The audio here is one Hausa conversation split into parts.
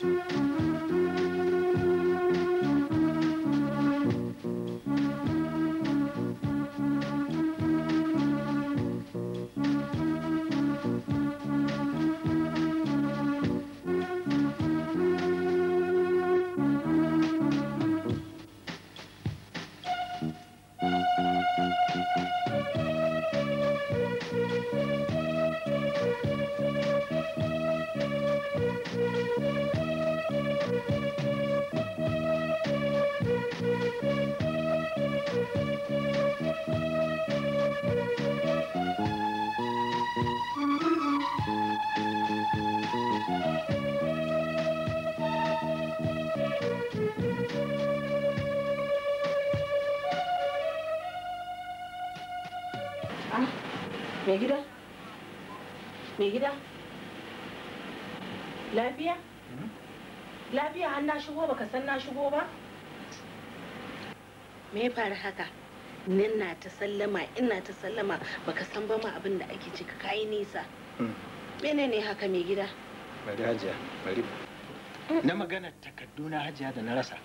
Thank you. gida lafiya hmm? lafiya an na shigo baka san na shigo ba me ya faru haka nan na ta sallama ina ta sallama baka san ba ma abin da ake cika kayi nisa hmm. mene ne haka mai gida bari hajiya bari mm. na magana takardu na hajiya da na rasa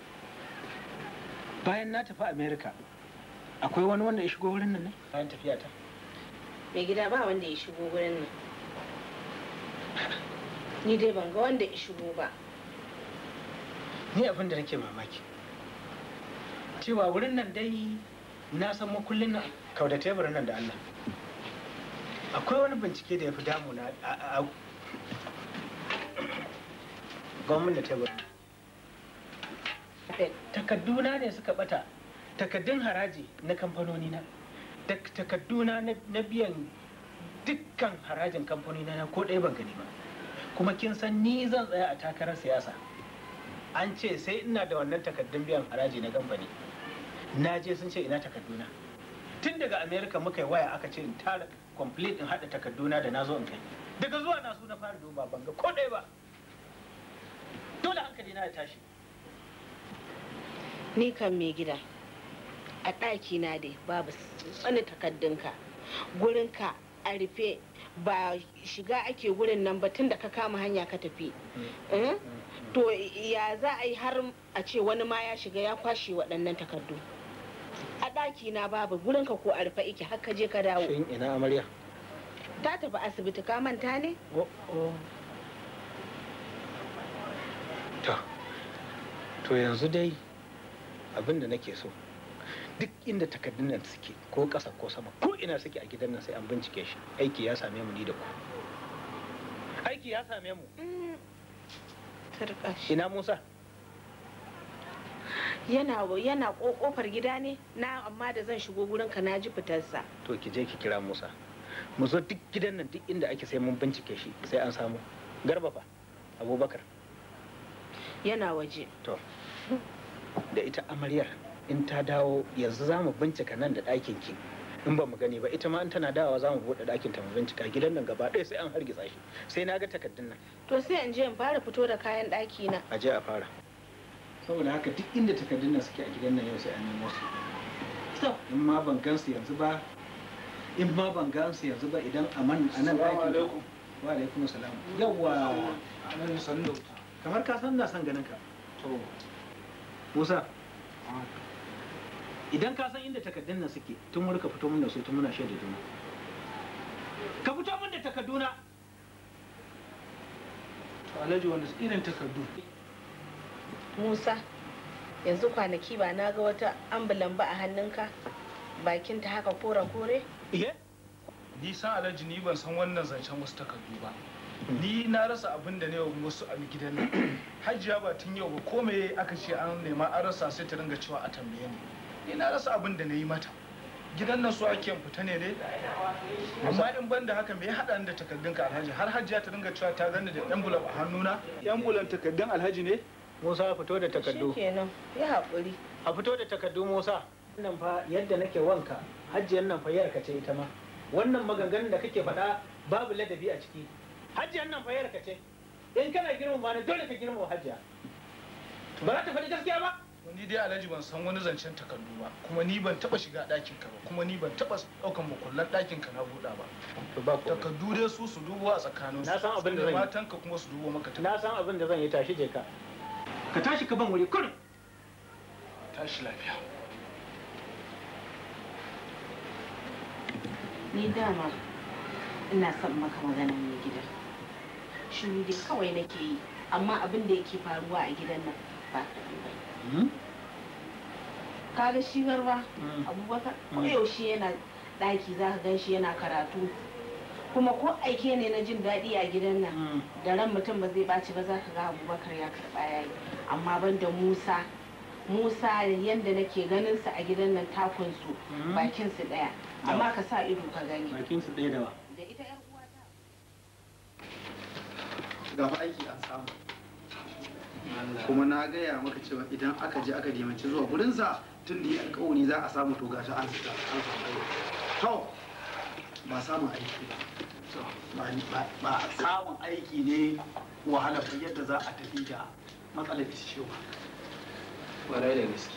bayan na tafi america akwai wani wanda ya shigo wurin nan ne bayan tafiya ta mai gida ba wanda ya shigo wurin nan ni dai ban ga wanda ya shigo ba ni abin da nake mamaki cewa wurin nan dai na san makullin nan kauda teburin nan da Allah akwai wani bincike da ya fi damu a gwamnan da tebur takadduna ne suka bata takaddun haraji na kamfanoni na takadduna na biyan dukkan harajin kamfanoni na ko ɗaya ban gani ba kuma kin san ni zan tsaya a takarar siyasa an ce sai ina da wannan takardun biyan haraji na kamfani na je sun ce ina takarduna tun daga america muka yi waya aka ce in tara complete in haɗa takarduna da na in kai daga zuwa na su na fara duba banga ko ɗaya ba dole hankali na ya tashi ni kan mai gida a ɗaki na dai babu tsani takardunka gurinka a rufe ba shiga ake wurin nan ba tun da ka kama hanya ka tafi mm. Eh? Mm. Mm. to ya za a yi har a ce wani ma ya shiga ya kwashe waɗannan takardu a ɗaki na babu gurin ka ko a rufe ike har ka je ka dawo shin ina amarya ta tafi asibiti ka manta ne oh, oh. to yanzu dai abinda da nake so duk inda takardun nan suke ko ƙasa ko sama ko ina suke a gidan nan sai an bincike shi aiki ya same mu ni da ku aiki ya same mu ina musa yana yana kofar gida ne na amma da zan shigo gurin ka naji fitarsa to ki je ki kira musa mu zo duk gidan nan duk inda ake sai mun bincike shi sai an samu garba fa abubakar yana waje to da ita amaryar in ta dawo yanzu za mu bincika nan da ɗakin ki in ba mu gani ba ita ma in tana dawowa za mu buɗe ɗakin ta mu bincika gidan nan gaba ɗaya sai an hargitsa shi sai na ga takardun nan to sai in je in fara fito da kayan ɗaki na a je a fara saboda haka duk inda takardun nan suke a gidan nan yau sai an nemo su in ma ban gansu yanzu ba in ma ban gansu yanzu ba idan a man a nan ɗakin wa alaikum salam yawwa kamar ka san na san ganin ka to musa idan ka san inda takardun nan suke tun wuri ka fito mun da su tun muna shaida juna ka fito mun da takarduna to alhaji wanda irin takardu musa yanzu kwanaki ba na ga wata ambulan ba a hannunka bakinta haka kora kore iye eh? ni san alhaji ni ban san wannan zancen wasu takardu ba ni na rasa abin da ne wasu a gidan nan hajiya ba tun yau ba komai aka ce an nema an rasa sai ta ringa cewa a tambaye ni ni na rasa abin da na yi mata gidan nan su ake fita ne dai amma in ban da haka me ya haɗa da takardun ka alhaji har hajjiya ta dinga cewa ta zanna da bulan a hannuna bulan takardun alhaji ne Musa fito da takardu shikenan ya haƙuri a fito da takardu Musa wannan fa yadda nake wanka hajjiyar nan fa yarka ce ita ma wannan maganganun da kake faɗa babu ladabi a ciki hajjiyar nan fa yarka ce in kana girmama ne dole ka girmama hajjiya ba za ta faɗi gaskiya ba ni dai alhaji ban san wani zancen takardu ba kuma ni ban taba shiga ɗakin ka ba kuma ni ban taba ɗaukan makullan ɗakin ka na buɗa ba takardu dai su su dubo a tsakanin na san abin da zan yi matan ka kuma su dubo maka na san abin da zan yi tashi je ka ka tashi ka ban wuri kurin tashi lafiya ni dama ina son maka magana mai gida shi ne kawai nake yi amma abin da yake faruwa a gidan nan ba ba hmm? kaga shi garba mm. abubakar mm. ko yaushe yana daki za ka gan shi yana karatu kuma ko aike ne na jin daɗi a gidan nan mm. da ran mutum ba zai ɓaci ba za ka ga abubakar ya karɓa ya yi amma ban da musa musa yadda nake ganin su a gidan nan takun su bakin su ɗaya amma ka sa ido ka gani bakin su ɗaya da ba da ita yar uwata gaba aiki an samu kuma na gaya maka cewa idan aka je aka dimanci zuwa gurinsa tun da yi alkawari za a samu to gata an sita an samu to ba samun aiki ba ba samun aiki ne wahala ba yadda za a tafi da matsalar cewa ƙwarai da gaske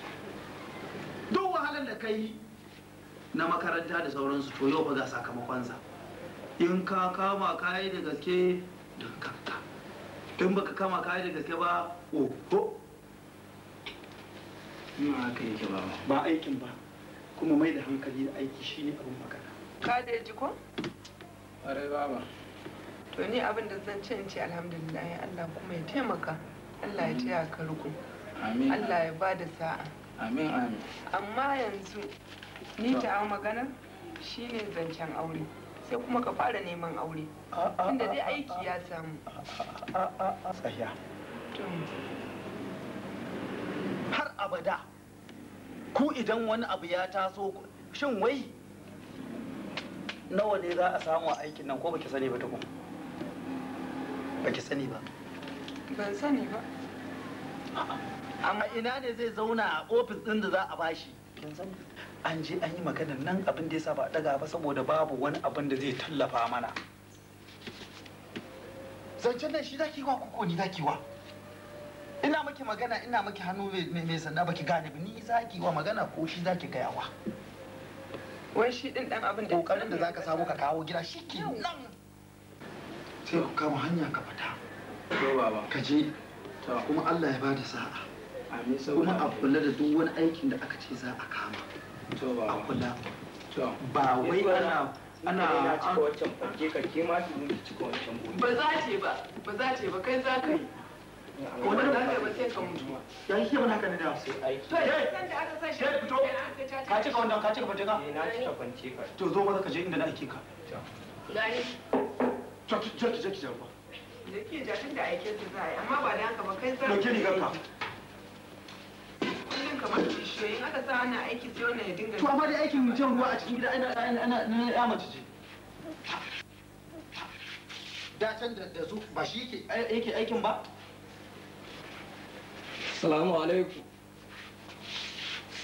duk wahalar da kai na makaranta da sauransu to yau ba ga sa in ka kama kayi da gaske don kanka in baka kama kayi da gaske ba oho ba aikin ba kuma mai da hankali da aiki shine abin magana ka da yaji ko ƙwarai baba to ni abin da zan ce in ce alhamdulillah Allah kuma ya taimaka Allah ya taya ka riko Allah ya bada sa'a amin amin amma yanzu ni ta magana shine zancen aure sai kuma ka fara neman aure inda dai aiki ya samu har abada ku idan wani abu ya taso shin wai nawa ne za a samu a aikin nan ko baki sani ba tukun baki sani ba ban sani ba amma ina ne zai zauna a ofis ɗin da za a bashi an je an yi magana nan abin da ya sa ba daga ba saboda babu wani abin da zai tallafa mana zancen nan shi zaki wa koko ni zaki wa ina maki magana ina maki hannu mai sanda baki gane ba ni zaki wa magana ko shi zaki gayawa wai shi din dan abin da kokarin da zaka samu ka kawo gida shi ke nan sai ku kama hanya ka fita to baba ka je kuma Allah ya bada sa'a amin kuma a kula da duk wani aikin da aka ce za a kama to baba a kula ba wai ana ana cika wancan fanke ka ke ma ki cika wancan ba za ce ba ba za ce ba kai za ka yi wannan da aka sai ka mutu yan shi mun haka ne da sai ai to san da aka sashi sai fito ka cika ka to ka je inda na ka to tun da yi amma ba da haka ba kai kullum kamar kishiyoyi aka sa ana aiki sai wannan ya dinga to amma aikin jan ruwa a cikin gida ana ya mace ce da da su ba shi yake aikin ba Salamu alaikum.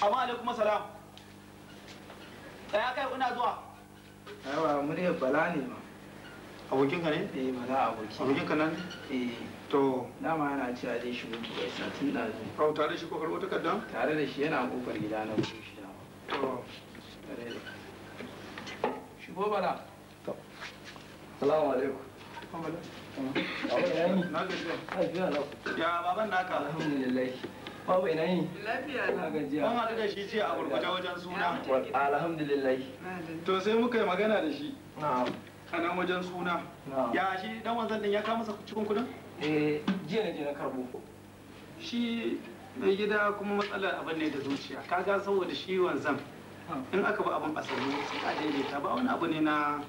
Amma alaikum salam. Tsaya kai kuna zuwa. Yawa murya bala ne ma. Abokin ka ne? Eh bala aboki. Abokin ka nan? Eh. To. Dama yana cewa zai shigo ki bai satin da zai. Au tare shi kofar wata kaddan? Tare da shi yana kofar gida na kuma shi na. To. Tare da. Shigo bala. To. Salamu alaikum. Amma alaikum. Mun haɗu da shi a wajen suna. sai muka yi magana da shi. A wajen suna. din ya cikin Eh, jiya na je na Shi mai gida kuma matsalar abin ne da zuciya. Kaga saboda shi wanzan. In aka ba abin asali sai a daidaita ba wani abu ne na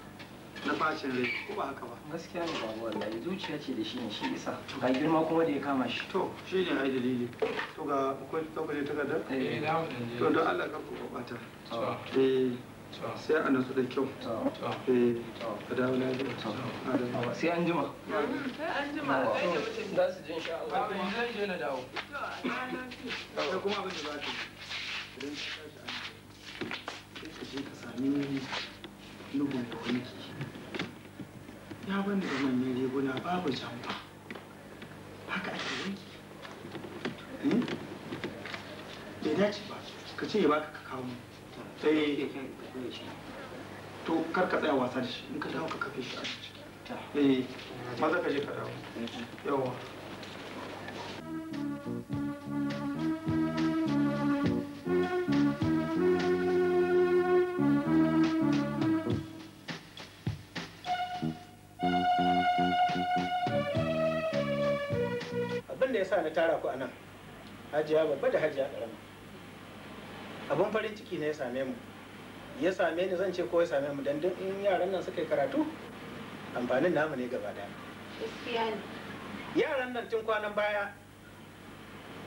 na bacin rai ko ba haka ba gaskiya ne babu wallahi zuciya ce da shi ne shi isa ga girma kuma da ya kama shi to shi ne ai dalili to ga akwai tsokaci takardar eh da eh, mu to don Allah ka ku bata eh sai an nasu da kyau da eh, dawo na to sai an jima an jima da su ji insha Allah ba zan je na dawo sai kuma abin da za ta idan ka tashi an ka sami nuhun da wanki ya bani da manyan riguna babu jamba haka ake yanki hmm? bai dace ba ka ce ya baka ka kawo eh. sai to kar ka tsaya wasa da shi in ka dawo ka kafe shi a ciki eh. maza ka je ka dawo eh. yawa abin da ya sa na tara ku a nan hajiya babba da hajiya ƙarama abin farin ciki ne ya same mu ya same ni zan ce ko ya same mu dan in yaran nan suka yi karatu amfanin namu ne gaba daya yaran nan tun kwanan baya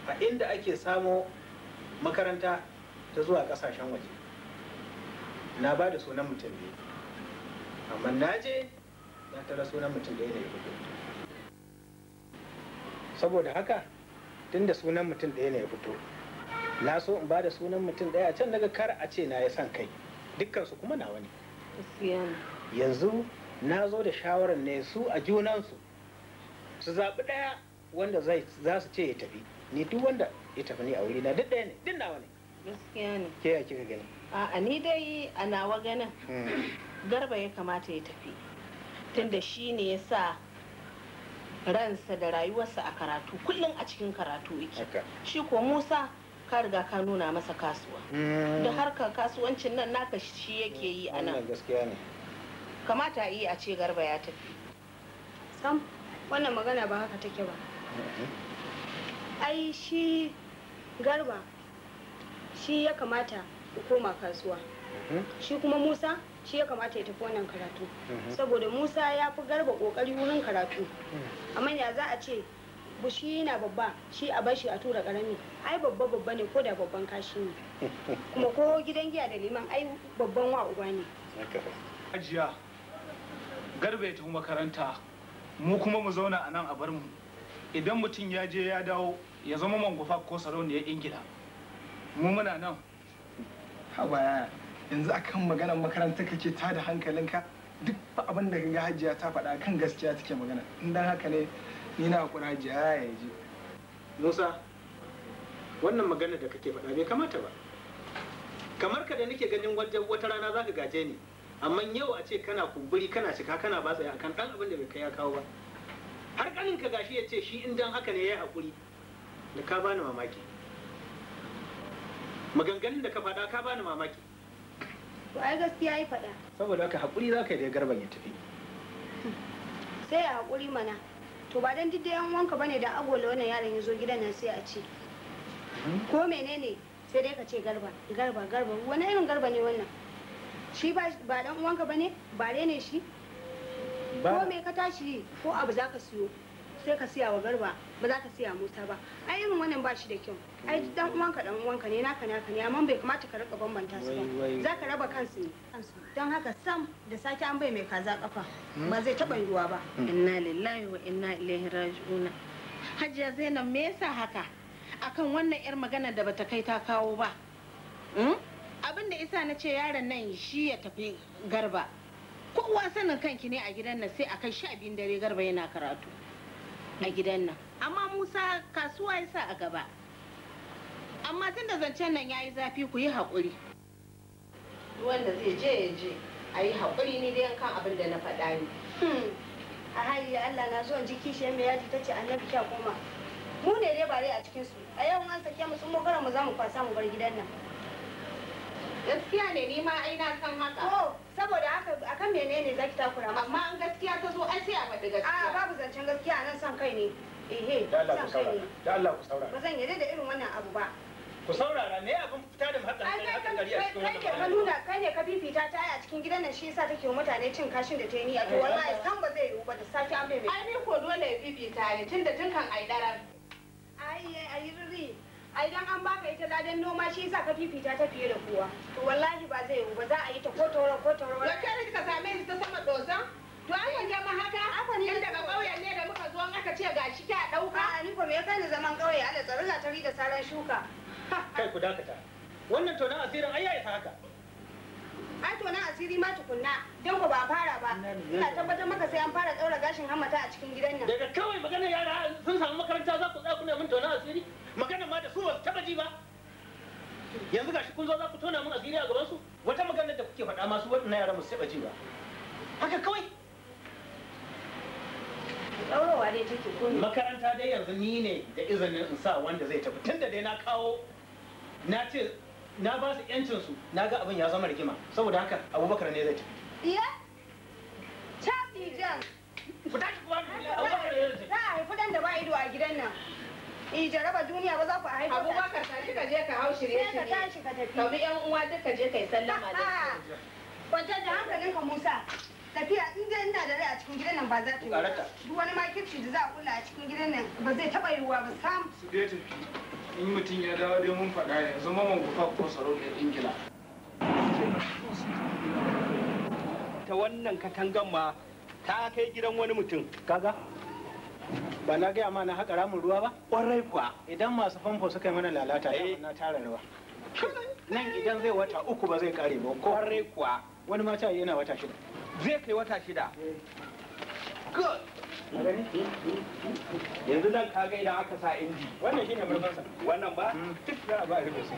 a inda ake samo makaranta ta zuwa kasashen waje na ba da sunan mutum biyu amma na je na tara sunan mutum da ya ne saboda haka tun da sunan mutum ɗaya ne ya fito na so in ba da sunan mutum ɗaya a can daga kar a ce na ya san kai dukkansu kuma na ne yanzu na zo da shawarar ne su a junansu su zaɓi ɗaya wanda za su ce ya tafi ni duk wanda ya tafi ni a wuri na duk ɗaya ne duk nawa ne gaskiya ne ke ya kika gani a ni dai a nawa ganin hmm. garba ya kamata ya tafi tunda shi ne ya sa ransa da rayuwarsa a karatu kullum a cikin karatu yake shi ko musa ka riga ka nuna masa kasuwa mm. da harkar kasuwancin nan naka shi yake yi a nan kamata a yi a ce garba ya tafi sam wannan magana ba haka take ba mm-hmm. ai shi garba shi ya kamata ku koma kasuwa mm-hmm. shi kuma musa shi ya kamata ya tafi wannan karatu mhm. saboda musa ya fi garba kokari wurin karatu mhm. amma ya za a ce bushi na babba shi a bashi a tura karami ai babba babba ne ko da babban kashi ne kuma ko gidan giya da liman ai babban wa uba ne ajiya garba ya tafi makaranta mu kuma mu zauna a nan a bar mu idan mutum ya je ya dawo ya zama mangufa ko sarauniyar ingila mu muna nan haba yanzu akan maganar makarantar kake ta da hankalinka duk abin da ga hajiya ta faɗa kan gaskiya take magana in dan haka ne ni na hakura hajiya ya yaji Musa wannan magana da kake faɗa bai kamata ba kamar ka da nake ganin wajen wata rana zaka gaje ni amma yau a ce kana kumburi kana cika kana ba tsaya akan dan abin da bai kai ya kawo ba har kanin ka gashi ya ce shi in dan haka ne yayi hakuri da ka bani mamaki maganganun da ka faɗa ka bani mamaki to ai gaskiya ya faɗa saboda haka haƙuri za ka yi da garban ya tafi sai a haƙuri mana to ba dan duk yan wanka bane da agola wannan yaron ya zo gidan nan sai a ce mm-hmm. ko menene sai dai ka ce garba garba garba wani irin garba ne wannan shi ba dan uwanka bane bare ne shi ko me ka tashi ko abu za ka siyo sai ka siya wa garba ba za ka siya musa ba ai irin wannan ba shi da kyau ai dan uwanka dan uwanka ne naka naka ne amma bai kamata ka rika bambanta su ba za ka raba kansu ne don haka sam da sake an bai mai kaza kafa hmm? ba zai taba yiwuwa ba hmm. inna lillahi wa inna ilaihi raji'un hajiya zainab me yasa haka akan wannan yar magana da bata kai ta kawo ba hmm? abin da isa na ce yaron nan shi ya tafi garba kowa sanin kanki ne a gidan nan sai a kai sha biyun dare garba yana karatu a gidan nan amma musa kasuwa ya sa a gaba amma tun da zancen nan ya yi zafi ku yi haƙuri wanda zai je ya je a yi haƙuri ni dai kan abin da na faɗa ne hmm. a hayi allah na zuwan jiki shi mai yaji tace annabi kya koma mu ne dai bare a cikin su a yau an sake mu sun makara mu za mu kwasa mu bar gidan nan gaskiya ne ni ma ai na san haka oh. saboda haka akan menene zaki takura amma an gaskiya ta zo ai sai a faɗi gaskiya a babu zancen gaskiya nan san kai ne ehe san kai ne da Allah ku saurara ba zan yarda da irin wannan abu ba ku saurara me abin fita da hakan hakan gari a cikin wannan kai ne ka nuna kai ne ka fifita ta a cikin gidan nan shi yasa take wa mutane cin kashin da ta yi niyya to wallahi san ba zai yiwu ba da safi an bai ai ni ko dole ya fifita ne tunda tun kan ai daran ai ai riri a idan an baka ita ladan noma shi yasa ka fifita ta fiye da kowa to wallahi ba zai yiwu ba za a yi ta ko tauro ko tauro da kare ka same ta sama doza to an yi jama haka akwai ne daga ƙauyen ne da muka zo aka ce ga shi ta dauka a ni ko me kai zaman kauye ala tsaro za ta da saran shuka kai ku dakata wannan to na asirin ayya yayi haka ai to na asiri ma tukunna ko ba fara ba ina tabbatar maka sai an fara tsaura gashin hammata a cikin gidan nan daga kawai magana yara sun samu makaranta za ku tsaya kuna min to na asiri magana ma da su ba taba ji ba yanzu gashi kun zo za ku tona mun asiri a gaban su wata magana da kuke faɗa masu waɗannan yaran musu taba ji ba haka kawai ɗaurawa dai take ko makaranta dai yanzu ni ne da izinin in sa wanda zai tafi tunda dai na kawo na ce na ba su yancin su na ga abin ya zama rigima saboda haka abubakar ne zai tafi iya ta jan ku tashi ku ba mu abubakar ne zai tafi za a haifi dan da ba ido a gidan nan in eh, jaraba duniya ba za ku haihu abubakar tashi ka je ka hau shirye shirye ka tashi ka tafi ka bi yan uwa duk ka je ka yi sallama da su kwantar da hankalin ka musa tafiya in dai ina da rai a cikin gidan nan ba za ta yi duk wani makirci da za a kula a cikin gidan nan ba zai taba yiwuwa ba sam su dai tafi in mutum ya dawo dai mun faɗa yanzu maman gufa ko sarauniyar ingila ta wannan katangan ma ta kai gidan wani mutum kaga ba na gaya ma na haƙa ramin ruwa ba ƙwarai kuwa idan masu famfo suka yi mana lalata ya na tara ruwa nan idan zai wata uku ba zai kare ba ƙwarai kuwa wani mata yana wata shida zai kai wata shida eh. good yanzu nan kaga idan aka sa inji wannan shine murfansa wannan ba hmm. duk za a ba rufe su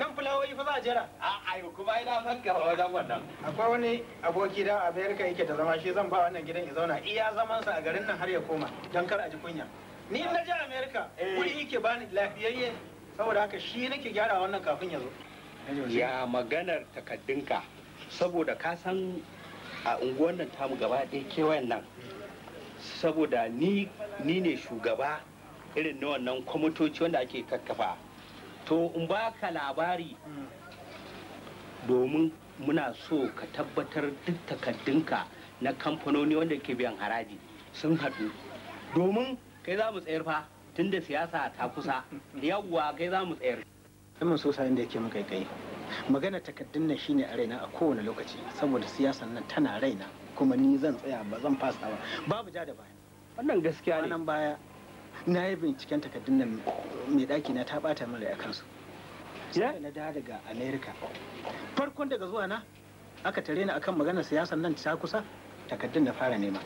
nan fulawoyi fa za a jira a ai kuma ina san ka wajen wannan akwai wani aboki da a bayarka yake da zama shi zan ba wannan gidan ya zauna iya zaman sa a garin nan har ya koma dan kar a ji kunya ni na je america eh. wuri yake bani lafiyayye saboda haka shi nake gyara wannan kafin ya zo ya maganar takaddunka saboda ka san a unguwan nan tamu gaba ɗaya kewayen nan saboda ni ne shugaba irin na wannan kwamitoci wanda ake kakkafa to in ba ka labari domin muna so ka tabbatar duk takaddunka na kamfanoni wanda ke biyan haraji sun haɗu domin kai za mu tsayar fa tun da siyasa ta kusa yawwa kai za mu tsayar mun so sayin da yake mu kai magana takaddun nan shine a raina a kowane lokaci saboda siyasan nan tana raina kuma ni zan tsaya ba zan fasa ba babu ja da baya wannan gaskiya ne nan baya na yi binciken takardun nan mai daki na ta bata min rai kansu. su sai na da daga America farkon daga zuwa na aka tare ni akan maganar siyasar nan ta kusa takardun na fara nema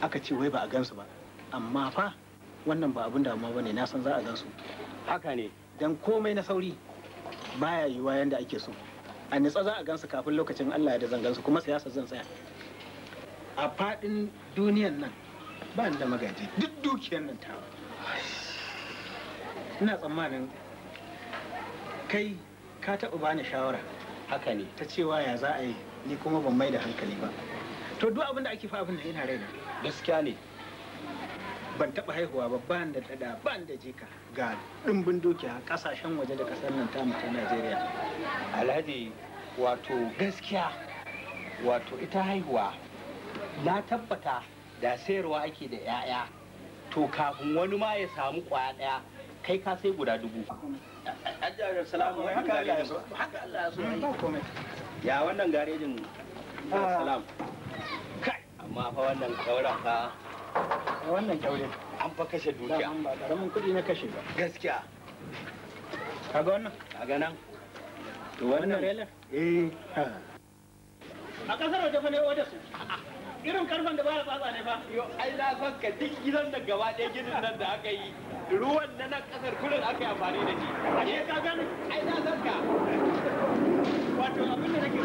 aka ce wai ba a gansu ba amma fa wannan ba abin damuwa bane na san za a gansu haka ne dan komai na sauri baya yiwa yanda ake so a nitsa za a gansu kafin lokacin Allah ya da zan gansu kuma siyasar zan tsaya a faɗin duniyan nan ba da magaji duk dukiyar nan ta ina tsammanin kai ka taɓa bani shawara haka ne ta cewa ya za a yi ni kuma ban mai da hankali ba to duk abin da ake fa abin da ina raina gaskiya ne ban taɓa haihuwa ba ban da tada ban da jika ga ɗimbin dukiya ƙasashen waje da ƙasar nan tamu ta najeriya alhaji wato gaskiya wato ita haihuwa na tabbata da sayarwa ake da 'ya'ya to kafin wani ma ya samu kwaya daya kai ka sai guda dubu hmm, ya wannan garejin ah. salam kai amma fa wannan kauran fa wannan kyaure an fa kashe dukiya ba karamin kudi na kashe ba gaskiya kaga wannan kaga nan to wannan eh a kasar waje fa ne oda su irin karfen da ba a tsatsa ne ba yo ai na san ka duk gidan da gaba ɗaya ginin nan da aka yi ruwan na nan kasar kurin aka yi amfani da shi ke ka gani ai na san ka wato abin da nake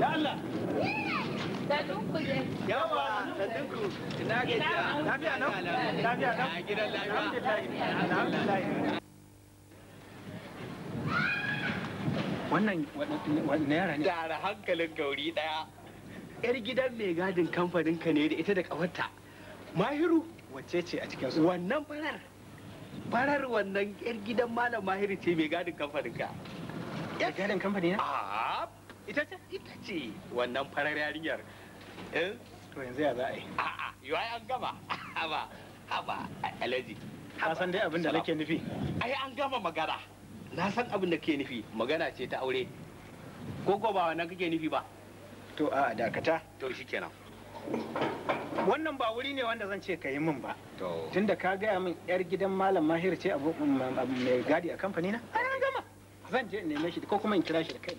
da Allah Yawa, Ina Lafiya nan? Lafiya nan? A gidan lafiya. Alhamdulillah. Wannan, yara ne? Dara hankalin gauri daya. yar gidan mai gadin kamfanin ka ne da ita da kawarta mahiru wacce ce a cikin su wannan farar farar wannan yar gidan malam mahiru ce mai gadin kamfanin ka yar gadin kamfanin na ah, ita ce ita ce wannan farar yarinyar eh? to yanzu ya za a yi a'a ah, ah, yau an gama haba haba alaji ka san dai abin da nake nufi ai an gama magana na san abin da ke nufi magana ce ta aure ko ko ba wannan kake nufi ba to a dakata to shi kenan wannan ba wuri ne wanda zan ce ka yi min ba tunda ka gaya min yar gidan malam mahir ce mm, mm, mm, mai gadi a kamfani na gama zan je in neme shi ko kuma in kira shi da kai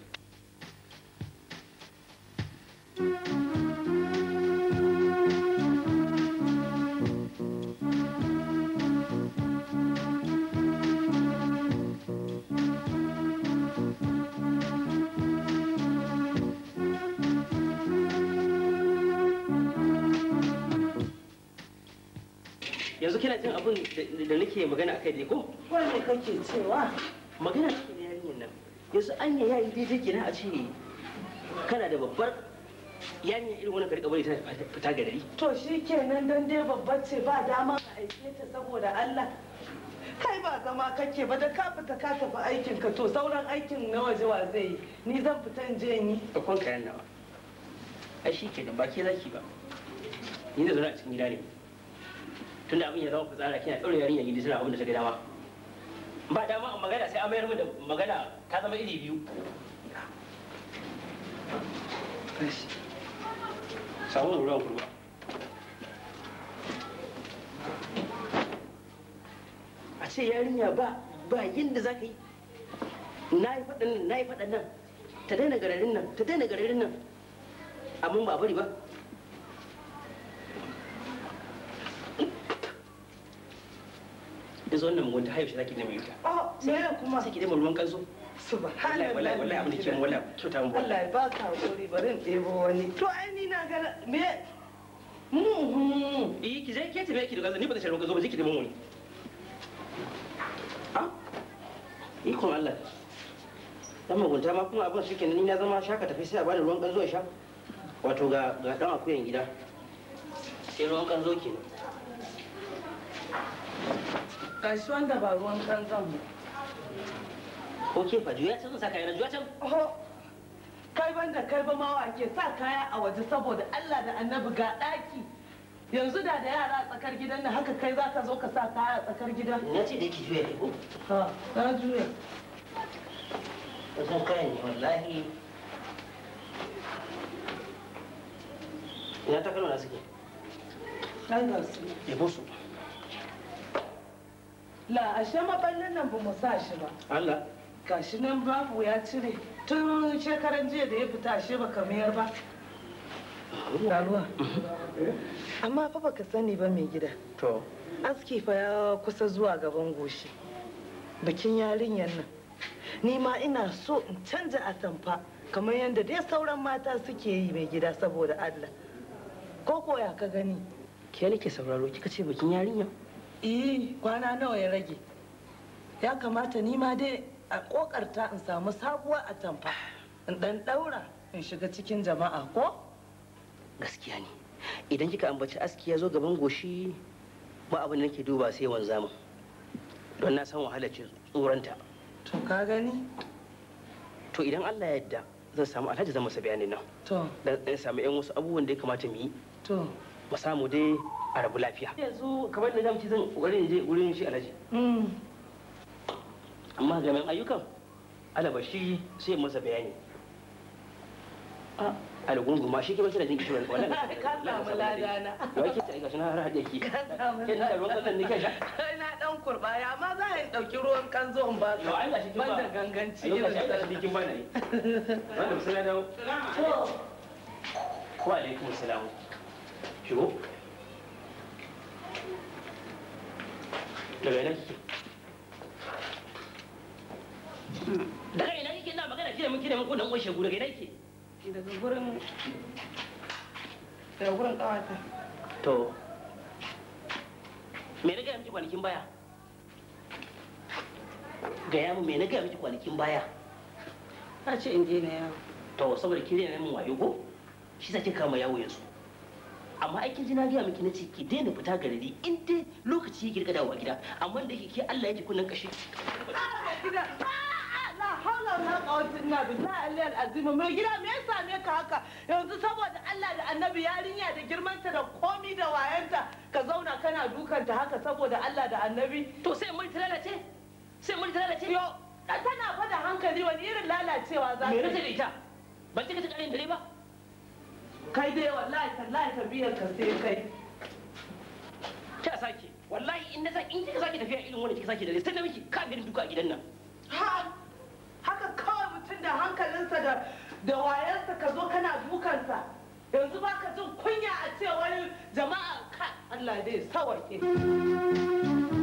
da nake magana akai dai ko wani kake cewa magana cikin yarinyar nan yanzu an ya yayi daidai gina a ce kana da babbar yarinyar irin wani karka bari ta fita gari to shi kenan dan dai babbar ce ba dama a aike ta saboda Allah kai ba zama kake ba da ka fita ka tafi aikin ka to sauran aikin na waje wa zai yi ni zan fita in je ni da kwan kayan nawa ai shi kenan ba ke zaki ba ni da zo a cikin gida ne tunda abin ya zama fitsara kina ɗaure yarinya gidi suna abin da ta ga dama ba dama a magana sai an mayar mu da magana ta zama iri biyu samu ruwan kurba a ce yarinya ba ba yadda za ka yi na yi faɗan nan ta daina gararin nan ta daina gararin nan amma ba bari ba Ah, ya zo wannan mugunta hayo shi zaki da miyuta sai kuma sai ki da ruwan kanzo subhanallah wallahi wallahi abin da ke wala kyauta mun wallahi ba ka hakuri bari in ɗebo wani to ai ni na ga me mhm eh ki je ki tafi ki da ni ba zan sharon kanzo ba ki da mun wani ah ikon Allah dan mugunta ma kuma abin shi kenan ni na zama shaka tafi sai a bada ruwan kanzo ya sha wato ga ga dan akuyan gida sai ruwan kanzo kenan Gashi wanda ba ruwan kan zan Ok fa juya can sa kayan juya can. Oho. Kai ban da kai ba mawa ke sa kaya a waje saboda Allah da Annabi ga ɗaki. Yanzu da da yara a tsakar gidan nan haka kai za ka zo ka sa kaya a tsakar gidan. Na ce da ki juya ne ko? Ha, na juya. Kusan kayan ne wallahi. Ina takalma na suke? Ɗan gasu. Ebo su. La ashe maballin nan ba mu sa shi ba. Allah. Gashi nan babu ya cire tun shekaran jiya da ya fita ashe ba kamar ba. Garuwa. Eh? Amma fa baka sani ba mai gida. To. Aski fa ya kusa zuwa gaban goshi. Bikin yarinyar nan. Ni ma ina so in canja atamfa kamar yadda dai sauran mata suke yi mai gida saboda Allah. Ko koya ka gani? Ke nake sauraro kika ce bikin yarinya? eh kwana nawa ya rage ya kamata ni ma dai a kokarta in samu sabuwa a tamfa in dan daura in shiga cikin jama'a ko gaskiya ne idan kika ambaci aski ya zo gaban goshi ba abin da nake duba sai wanzamin don na san wahalar ce tsoranta. to ka gani to idan Allah ya yarda zan samu alhaji zan masa bayani nan to dan samu yan wasu abubuwan da ya kamata mu yi to mu samu dai a rabu lafiya yanzu kamar da zamci zan kokarin je gurin shi alaji mm. amma ga mai ayyukan shi sai masa bayani ah. ma shi ke bashi da jinki shirin wannan ka samu ladana wai ke tsaya gashi na har haɗe ki ke na ruwan kallon ne kai na dan kurbaya amma za a ɗauki ruwan zo in ba ka ban da ganganci irin da ba na yi wanda musulmai dawo to wa alaikum salamu. shigo daga ina kike daga ina kike na magana kire mun kire mun kudan kwashe gure daga ina kike daga gurin daga gurin kawata to me na gaya miki kwanakin baya gaya mu me na gaya miki kwanakin baya ta ce in je na yawo to saboda kire na min wayo ko shi sa kin kama yawo yanzu amma aikin ji na gaya miki nace ki daina fita garari in dai lokaci ya girka dawowa gida amma da yake ke Allah ya ji kunnen kashi mai gida me ya same ka haka yanzu saboda Allah da annabi yarinya da girmanta da komi da wayanta ka zauna kana dukanta haka saboda Allah da annabi to sai mun lalace sai mun lalace yo tana fa da hankali wani irin lalacewa za ta yi me ita ban cika ta karin dare ba kai dai wallahi tallahi tabiyar ka sai kai ta sake wallahi in na sa in kika sake tafiya irin wannan kika sake dare sai na miki ka garin duka a gidan nan ha haka kawai mutum da hankalinsa da da wayansa ka zo kana dukansa yanzu ba ka jin kunya a ce wani jama'a ka Allah dai sawake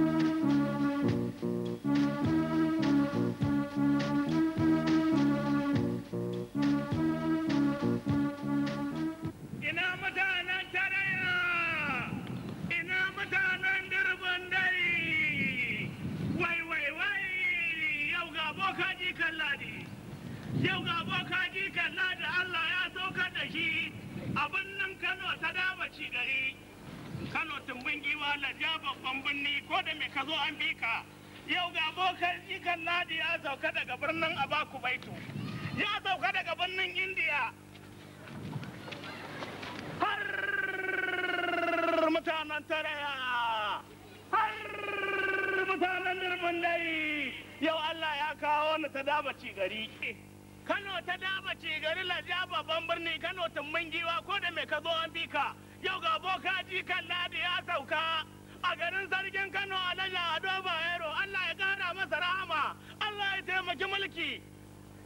sauka daga birnin abaku baitu ya sauka daga birnin indiya har mutanen taraya har mutanen birnin dai yau allah ya kawo ni ta daba gari kano ta daba gari laja babban birni kano tummin giwa ko da mai ka zo an bi ka yau ga bokaji kan ladi ya sauka a garin sarkin kano a laja ado bayero allah ya kara masa rahama taimaki mulki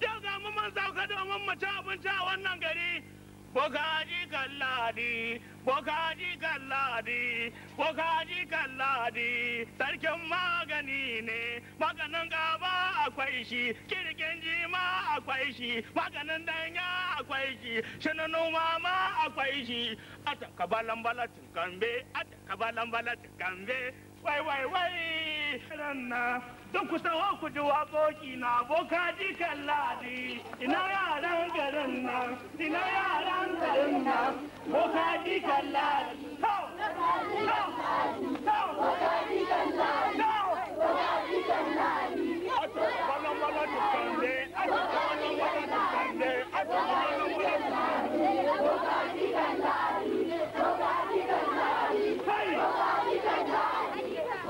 yau ga mu mun sauka domin mu ci abinci a wannan gari bokaji kalladi bokaji kalladi bokaji kalladi sarkin magani ne maganin gaba akwai shi kirkin jima akwai shi maganin danya akwai shi shinanu ma akwai shi a takabalan balatin kambe a takabalan balatin kambe wai wai wai ranna don ku taho do ji waƙoƙi na boka jikan ladi ina yaran garin nan ina yaran garin nan boka jikan ladi Hey!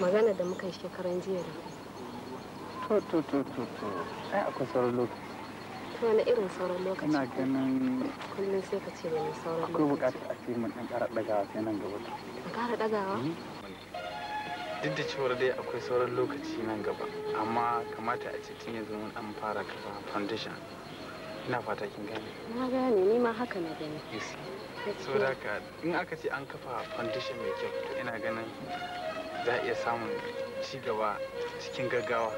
magana da muka shekaran jiya da to to to to to ai akwai sauran lokaci to wani irin sauran lokaci ina ganin kullum sai ka ce wani sauran lokaci akwai bukatar a ce mun dan ƙara dagawa sai nan gaba a ƙara dagawa mm-hmm. duk da cewar dai akwai sauran lokaci nan gaba amma kamata a ce tun yanzu mun an fara kafa foundation ina fata kin gane na gane ni ma haka na gani so da in aka ce an kafa foundation mai kyau to ina ganin za a iya samun cigaba cikin gaggawa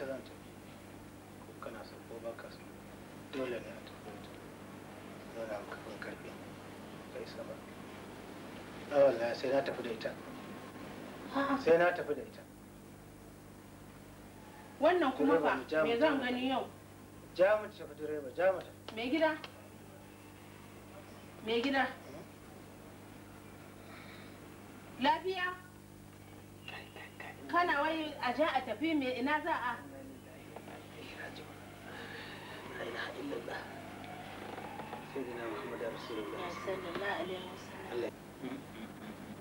ita zan tafi ko kana so ko baka so dole ne a tafi wata zauna a kafin karfe kai sa ba wallahi sai na tafi da ita sai na tafi da ita wannan kuma ba me zan gani yau Jamus. mu tafi direba ja mu me gida me gida hmm? lafiya kana wai a ja a tafi me ina za a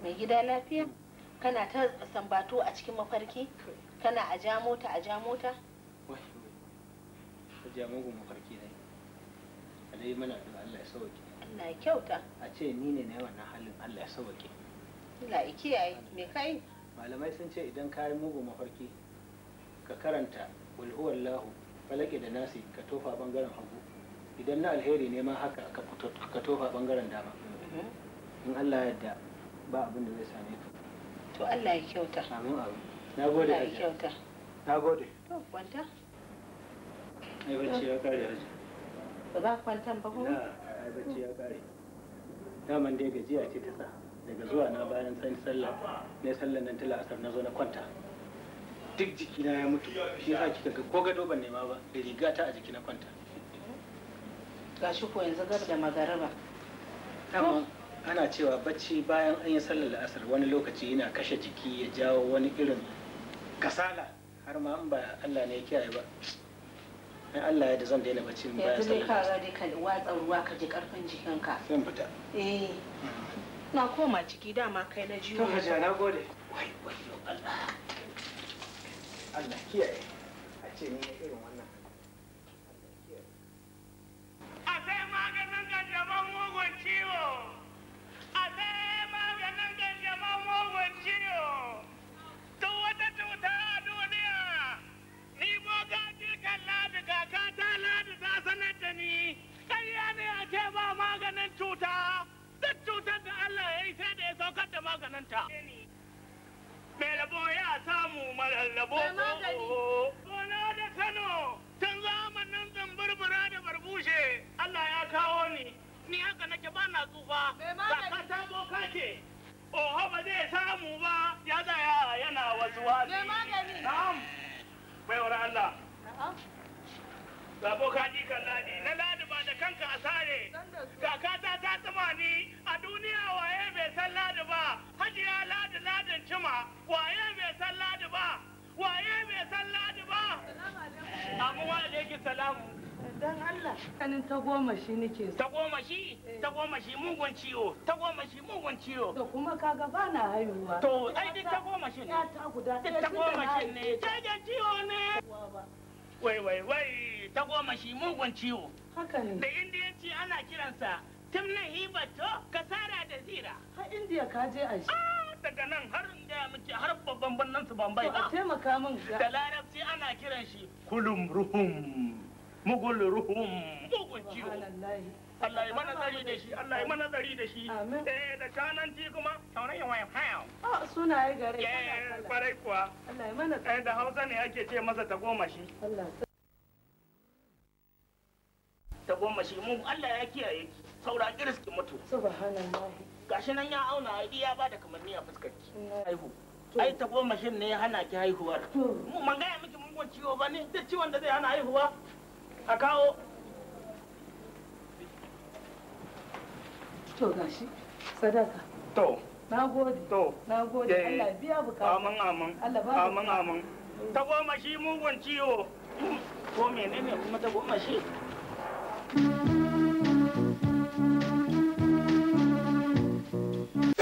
mai gida lafiya kana ta sambato a cikin mafarki kana a ja mota a ja mota ja mugun mafarki ne a mana da Allah ya sauke Allah ya kyauta a ce ni ne na wannan halin Allah ya sauke Allah ya kiyaye me kai malamai sun ce idan ka yi mugun mafarki ka karanta ulhuwallahu falake da nasi ka tofa bangaren hagu idan na alheri ne ma haka ka tofa bangaren dama in allah yadda ba abin da zai same ka to allah ya kyauta amin amin na gode ya kyauta na gode to kwanta ai bacci ya kare haji ba za kwantan ba ko na ai bacci ya kare daman dai gajiya ce ta sa daga zuwa na bayan san sallah ne sallan nan tala asar na zo na kwanta duk jikina ya mutu shi ya kika ga ko gado ban nema ba da riga ta a jiki na kwanta gashi ko yanzu gab da magaraba amma ana cewa bacci bayan an yi sallar la'asar wani lokaci yana kashe jiki ya jawo wani irin kasala har ma an ba Allah ne ya kiyaye ba Ai Allah ya da zan daina bacci bayan sallar yanzu dai ka ga dai ka watsa ruwa ka ji karfin jikinka zan fita eh mm. na koma ciki dama kai na jiyo to haja na gode wai wai Allah Allah kiyaye a ce ni irin wannan a sai maganin ganjaman mugun ciwo a sai maganin wata cuta a duniya ni ladi kaka ta ladi ta sanar da ni ya ne a ce ba maganin cuta duk cutar da saukar da maganinta mai rabo ya samu mararrabo gona da kano tun zamanin zamburbura da barbushe allah ya kawo ni ni haka nake ba na tsufa kaka ta boka ce oho ba zai samu ba ya zaya yana wasu wani Mamu wa alaiki salamu. Dan Allah. Kanin ta goma shi nake so. Ta goma shi? Eh. Ta goma shi mugun ciwo. Ta goma shi mugun ciwo. To kuma kaga ba na haihuwa. To ai duk ta goma shi ne. Ya ta guda. ta goma shi ne. Jajen ciwo ne. Wai wai wai ta goma shi mugun ciwo. Haka ne. Da indiyanci ana kiransa timna hibato kasara da zira. Ha indiya ka je a shi. Ah! daga nan har da muke har babban bannan su bambai a taimaka min da larabci ana kiran shi kulum ruhum mugul ruhum mugun ciwo Allah ya mana tsari da shi Allah ya mana tsari da shi eh da kananci kuma sauran yawa ya faya suna yi gare eh kwarai kuwa Allah ya mana tsari eh, da Hausa ne ake ce masa ta goma shi Allah ta goma shi mu Allah ya kiyaye ki, saura kirski mutu subhanallah gashi nan ya auna ai ya bada kamanni a fuskar ki mm. haihu ai ta goma shin ne hana ki haihuwar mu man gaya miki mun ciwo ba ne duk ciwon da zai hana haihuwa a kawo to gashi sadaka to na gode to na gode Allah biya bukata amin amin Allah ba amin amin ta goma shi mugun ciwo ko menene kuma ta goma shi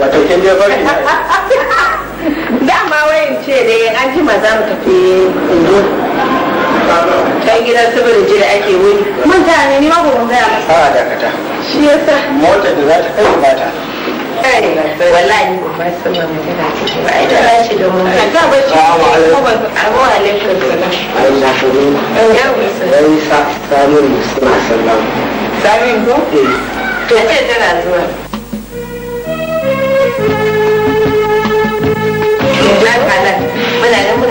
wato kin je bari dama wayan ce da an ji ma za mu tafi kundo kan gidan saboda jira ake wuri mun ta ne ni ma ba mun gaya masa a dakata shi yasa da za ta kai ba ta wallahi ba su ma magana ce ba ai da da mun ka sa bacci ko ba ko salam Allah ka ruwa ya wuce yayi sa samun musulma eh. tana zuwa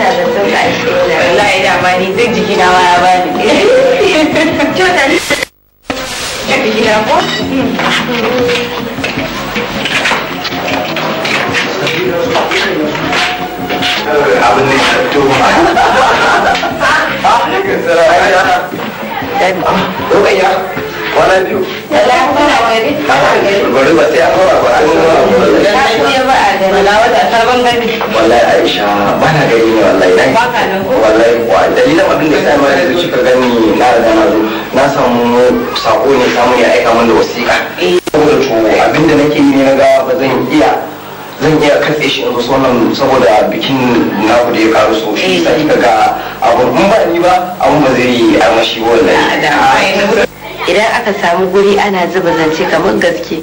ina da sun ka ashe wallahi da ma ni jiki na ma ya ba ni ni ko abin ne to ma ha ne ka tsara ya ya kwana biyu bari ba sai an ba an yi ba wallahi aisha ba na gani ne wallahi wallahi abin da sai mai gani na na zo na samu sako ne samu ya aika min da wasiƙa eh. abin da nake yi ne ga ba zan iya zan iya katse shi in so nan saboda bikin na da ya karu so shi eh. sai ba ni ba abun ba zai yi armashi wallahi idan aka samu guri ana zuba zance kamar gaske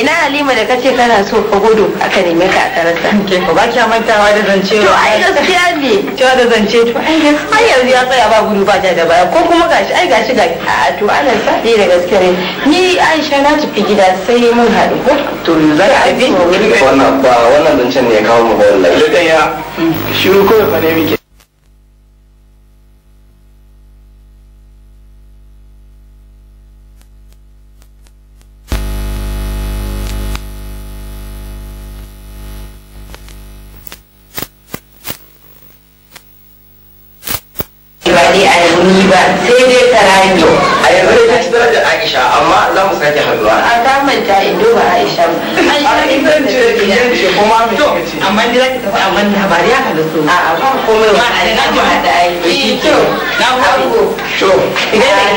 ina halima da kace kana so ka gudu aka neme ka a karasa ko ba kya mantawa da zance to ai gaskiya ne to da zance to ai gaskiya ai yanzu ya tsaya ba gudu ba da da baya ko kuma gashi ai gashi ga a to ana sadi eh da gaske ne ni Aisha na tafi gida sai mun haɗu ko to za ka bi wannan ba wannan zancen ne ya kawo mu ba wallahi da ya mm. shiru ko fa ne miki mai amma ni zaki tafi amma ba ya ka da so a a ba komai ba a ga ji hada ai to na to idan da za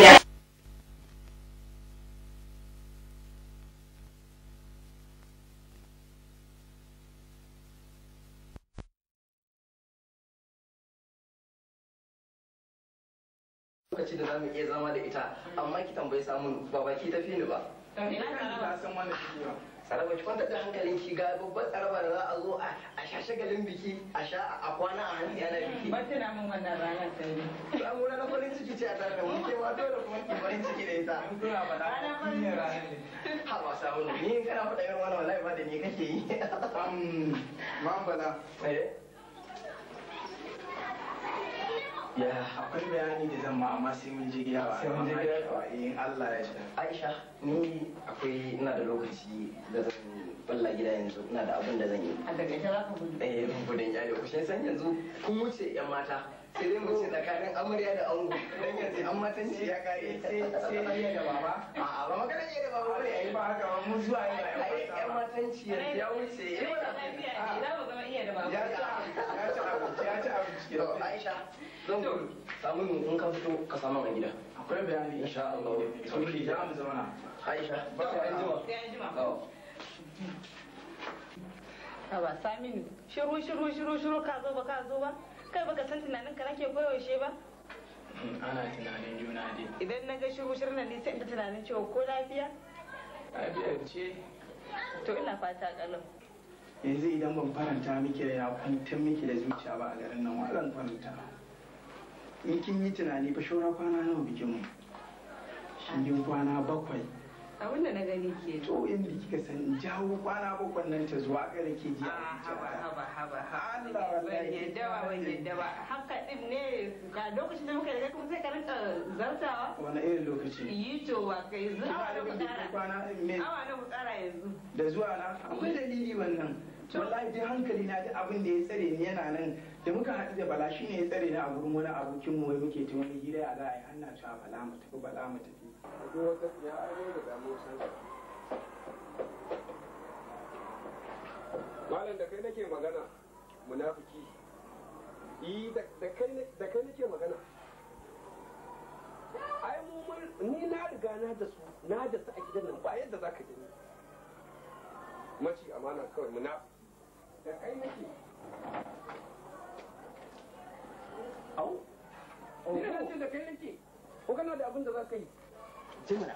mu iya zama da ita amma ki tambayi samun ba baki tafi ni ba. Ina na san wannan sarrafa ki kwantar da hankalin shiga ga babban tsaraba da za a zo a sha shagalin biki a sha a kwana a hannu yana biki ban min wannan ranar farin ciki ce a tare da ma dole kuma farin ciki da ita ranar farin ciki ha ba samu ni kana faɗa irin wannan wallahi ba da ni kake yi am eh ya akwai bayani da zan ma amma sai mun je gida ba sai mun je gida ba eh, in Allah ya ji Aisha ni akwai ina da lokaci da zan balla gida yanzu ina da abin da zan yi a daga ita za ka gudu eh ban gudun yalo ku san yanzu kun wuce yan mata sai dai mu ce tsakanin amarya da ango dan yanzu an matan ce ya kare sai sai da baba a'a ba magana da baba ba haka ba mu zuwa yi ba yan matanci ya wuce ya ci abinci ya ci ya aisha zan gudu samu in ka a gida akwai bayani insha Allah to ki ja mu zamana aisha ba sai Ya jima sai an saminu shiru shiru shiru shiru ka zo ba ka zo ba kai baka san tunanin ka nake ba ana tunanin juna dai idan na ga shiru shirin nan ne sai tunanin cewa ko lafiya Abiyar ce. To ina fata kalau. Yanzu idan ban faranta miki da ya kwantar miki da zuciya ba a garin nan zan faranta. In kin yi tunani ba shora kwana nawa bikin mu. Shi kwana bakwai. abin da na gani ke to yadda kika san jawo kwana bakwai nan ta zuwa ga rake ji a ah, haba haba haba Allah wallahi yadda ba ban yadda ba haka din ne ka lokacin da muka daga kuma sai ka rinka zartawa wani irin lokaci yi to wa kai zuwa na mutara awa na mutara yanzu da zuwa na akwai dalili wannan wallahi dai hankali na duk abin da ya tsare ni yana nan da muka haɗu da bala shine ya tsare ni a gurin wani abokin mu wai muke ta wani hira ya za a yi hanna cewa bala mu tafi bala mu tafi malam da kai nake magana munafiki da kai nake magana ai mu ni na riga na da su na da su a gidan nan ba yadda za ka gani mace amana kawai muna. da kai nake au ni na da kai nake ko kana da abin da zaka yi jimina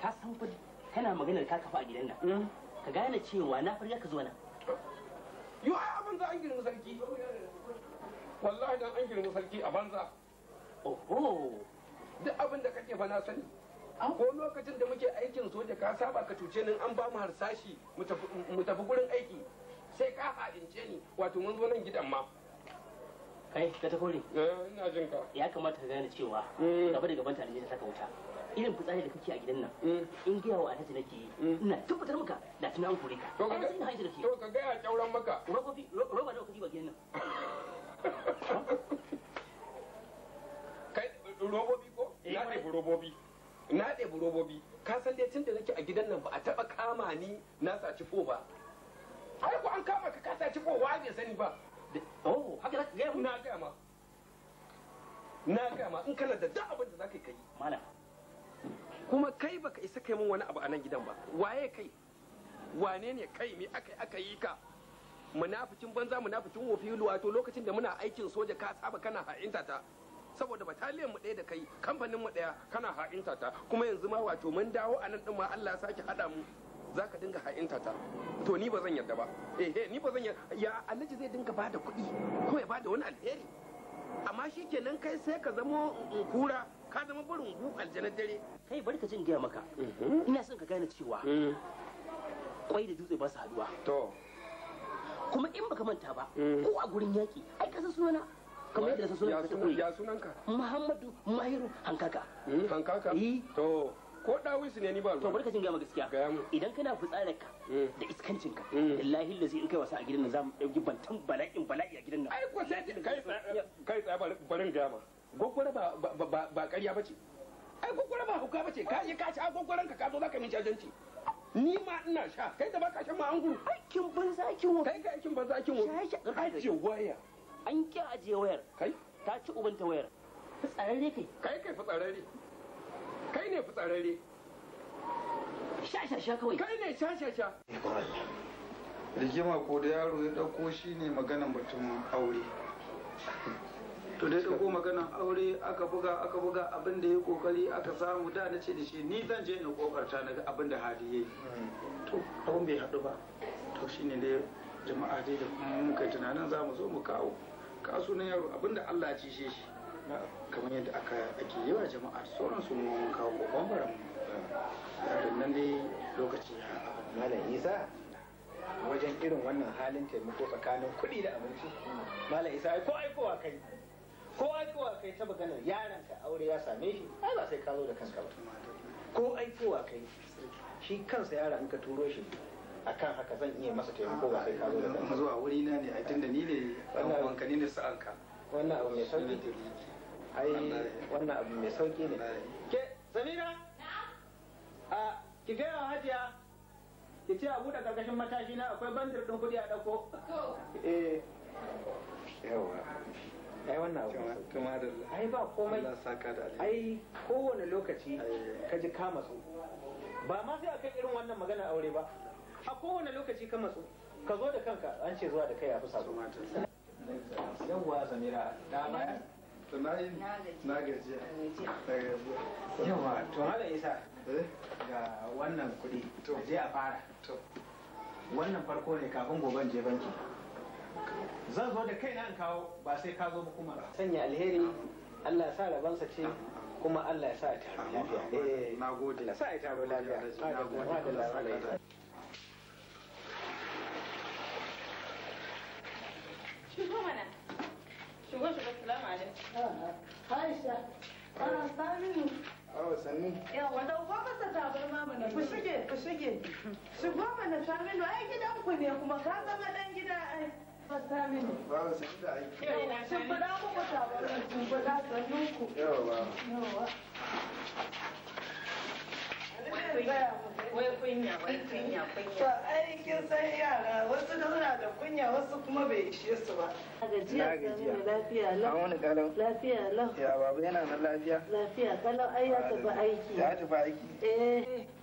ka san fa kana maganar ka kafa a gidan nan hmm. ka gane cewa na farya ka zo nan yo ai abin da an girma sarki wallahi dan an girma sarki a banza oho duk abin da kake fa na sani ko lokacin da muke aikin soja ka saba ka cuce ni an ba mu harsashi mu tafi gurin aiki sai ka haɗince ni wato mun zo nan gidan ma kai ka ta kore eh, ina jin ka ya kamata ka gane cewa hmm. gaba da gaban ne ta saka wuta irin fitsari da kake a gidan nan eh. in gaya wa alhaji nake yi eh. ina tabbatar maka da tuna an kore ka to ka ga haji ke. to ka ga ya kyauran maka robobi roba da kuɗi ba gidan nan kai robobi ko eh, na ɗebi robobi na ɗebi robobi ka san dai tun da nake a gidan nan ba a taɓa kama ni na saci fo ba ai ko an kama ka ka saci fo wa bai sani ba oh haka na gaya ma na gaya ma in kana da duk abin da zaka yi malam kuma kai baka isa kai min wani abu a nan gidan ba waye kai wane ne kai me aka aka yi ka munafikin banza munafikin wofilu wato lokacin da muna aikin soja ka saba kana ha'inta ta saboda bataliyan mu ɗaya da kai kamfanin mu ɗaya kana ha'inta ta kuma yanzu ma wato mun dawo a nan din ma Allah ya saki hada mu za ka dinga ha'inta ta to ni ba zan yarda ba eh, eh ni ba zan yarda ya alhaji zai dinga bada kuɗi ko ya bada wani alheri amma shikenan kai sai ka zamo kura ka zama barin gu aljanar dare kai bari ka jin gaya maka mhm. ina son ka gane cewa mhm. kwai da dutse ba su haduwa to kuma in baka manta ba mhm. ko a gurin yaki ai ka san sunana kamar yadda sunan ka ya ka Muhammadu Mahiru Hankaka Hankaka eh. to ko dawisu ne ni ba to bari ka jin gaya maka gaskiya idan kana ka da iskancinka wallahi lazi in kai wasa a gidan nan zamu dauki bantan bala'in bala'i a gidan nan ai ko sai kai kai tsaya barin gaya ma gwaggwara ba karya ba ce ai gwaggwara ba hauka ba ce ka yi ka a gwaggwaran ka kazo zaka min cajanci ni ma ina sha kai da ka shan ma an guru aikin banza aikin wa kai ka aikin banza aikin wa ajiye waya an ki ajiye wayar kai ta ci uban ta wayar fitsararre kai kai kai fitsararre kai ne fitsararre sha sha sha kawai kai ne sha sha sha rigima ko da yaro ya dauko shine maganan batun aure to dai dauko maganan aure aka buga aka buga abin da ya kokari aka samu da na ce da shi ni zan je na kokarta na ga abin da hadi yayi to abin bai hadu ba to shine dai jama'a dai da kuma muka tunanin za mu zo mu kawo ka sunan yaro abin da Allah ya cishe shi kamar yadda aka ake yi wa jama'a sauran su mu kawo babban baran yaron nan dai lokaci ya malam isa wajen irin wannan halin taimako tsakanin kuɗi da abinci malam isa ai ko aikowa kai ko aikowa kai ta magana yaron ka aure ya same shi ai ba sai ka zo da kanka ba ko ai aikowa kai shi kansa yara in ka turo shi akan haka zan iya masa taimako ba sai ka zo da kanka zuwa wuri na ne ai tunda ni ne dan uwanka ni ne sa'anka wannan abu mai sauki ai wannan abu mai sauki ne ke samira a ah, ki gaya wa hajiya ki ce Abu da karkashin matashi na akwai bandir ɗin kuɗi a ɗauko eh yawa ai wannan abu kuma da ai ba komai ai kowane lokaci ka ji ka matsu ba ma sai akan irin wannan magana aure ba a kowane lokaci ka matsu ka zo da kanka an ce zuwa da kai a fi sabo yawwa samira da bayan tunayi na gajiya yawa to hada isa eh? ga wannan kuɗi je a fara wannan farko ne kafin goban je banki zan zo da kaina in kawo ba sai ka zo kuma ba sanya alheri Allah ya sa rabansa ce kuma Allah ya sa ta. lafiya nagode eh, Allah sa ya taro lafiya nagode shigo mana shigo shigo salamu alaikum ah, ah. Aisha ah, ana Awa da ku shige ku shige. Shigo mana Saminu ai gidanku ne kuma ka zama dan gida ai. Fasa muku kunya, ai kin san yara wasu suna da kunya wasu kuma bai ishe su ba. Gajiya gajiya. Lafiya lau. wani kalau. Lafiya lau. Ya babu yana nan lafiya. Lafiya kalau ai ya tafi aiki. Ya tafi aiki. Eh.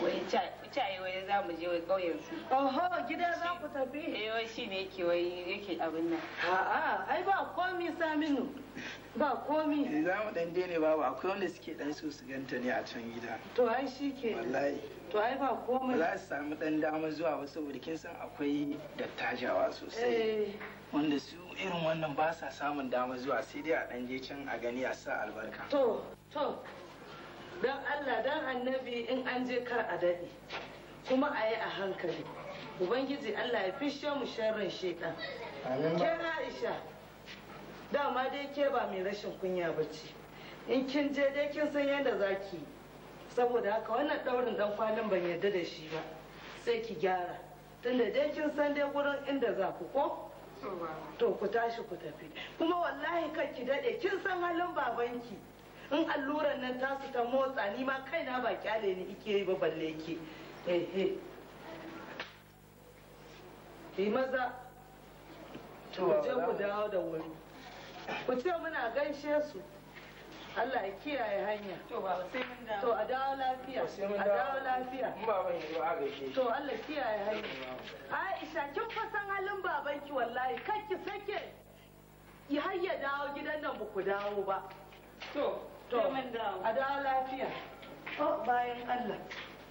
wai caye wai za mu je wai ƙauyen su. Oho gida za ku tafi? Eh wai shi ne yake wai yake abin nan. A'a ai ba komi Saminu. Ba komi. Eh, za mu dan dai ne babu akwai wanda suke dan so su ganta ne a can gida. To ai shi ke. Wallahi. To ai ba komai. Za su samu dan dama zuwa ba saboda kin san akwai dattajawa sosai. Eh. Wanda su irin wannan ba sa samun dama zuwa sai dai a dan je can a gani a sa albarka. To to. don allah don annabi in an je kar a daɗe kuma a yi a hankali ubangiji allah ya fishe mu sharrin shekan ke aisha dama dai ke ba mai rashin kunya ba in kin je dai kin san yadda za ki saboda haka wannan ɗaurin ɗan kwanan ban yarda da shi ba sai ki gyara tunda dai kin san dai gurin inda za ku ko to ku tashi ku tafi kuma wallahi kan ki daɗe kin san halin babanki in alluran nan ta su ta motsa ni ma kaina ba kyale ni ike yi ba balle ke ehe eh. ki maza ku je ku dawo da wuri ku ce muna gaishe su Allah ya kiyaye hanya. To baba sai mun dawo. To a dawo lafiya. A dawo lafiya. Mun baban yi ba To Allah kiyaye hanya. Aisha kin fa san halin babanki wallahi kar ki sake. Ki har ya dawo gidan nan ba ku dawo ba. To a da lafiya to bayan Allah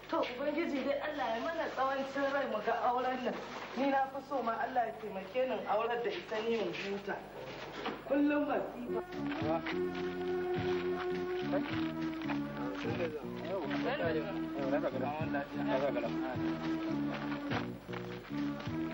to ubangiji dai Allah ya mana tsawancin rai mu ga auren nan ni na fi so ma Allah ya taimake nin auren da ita ni mu huta kullum masifa Thank you.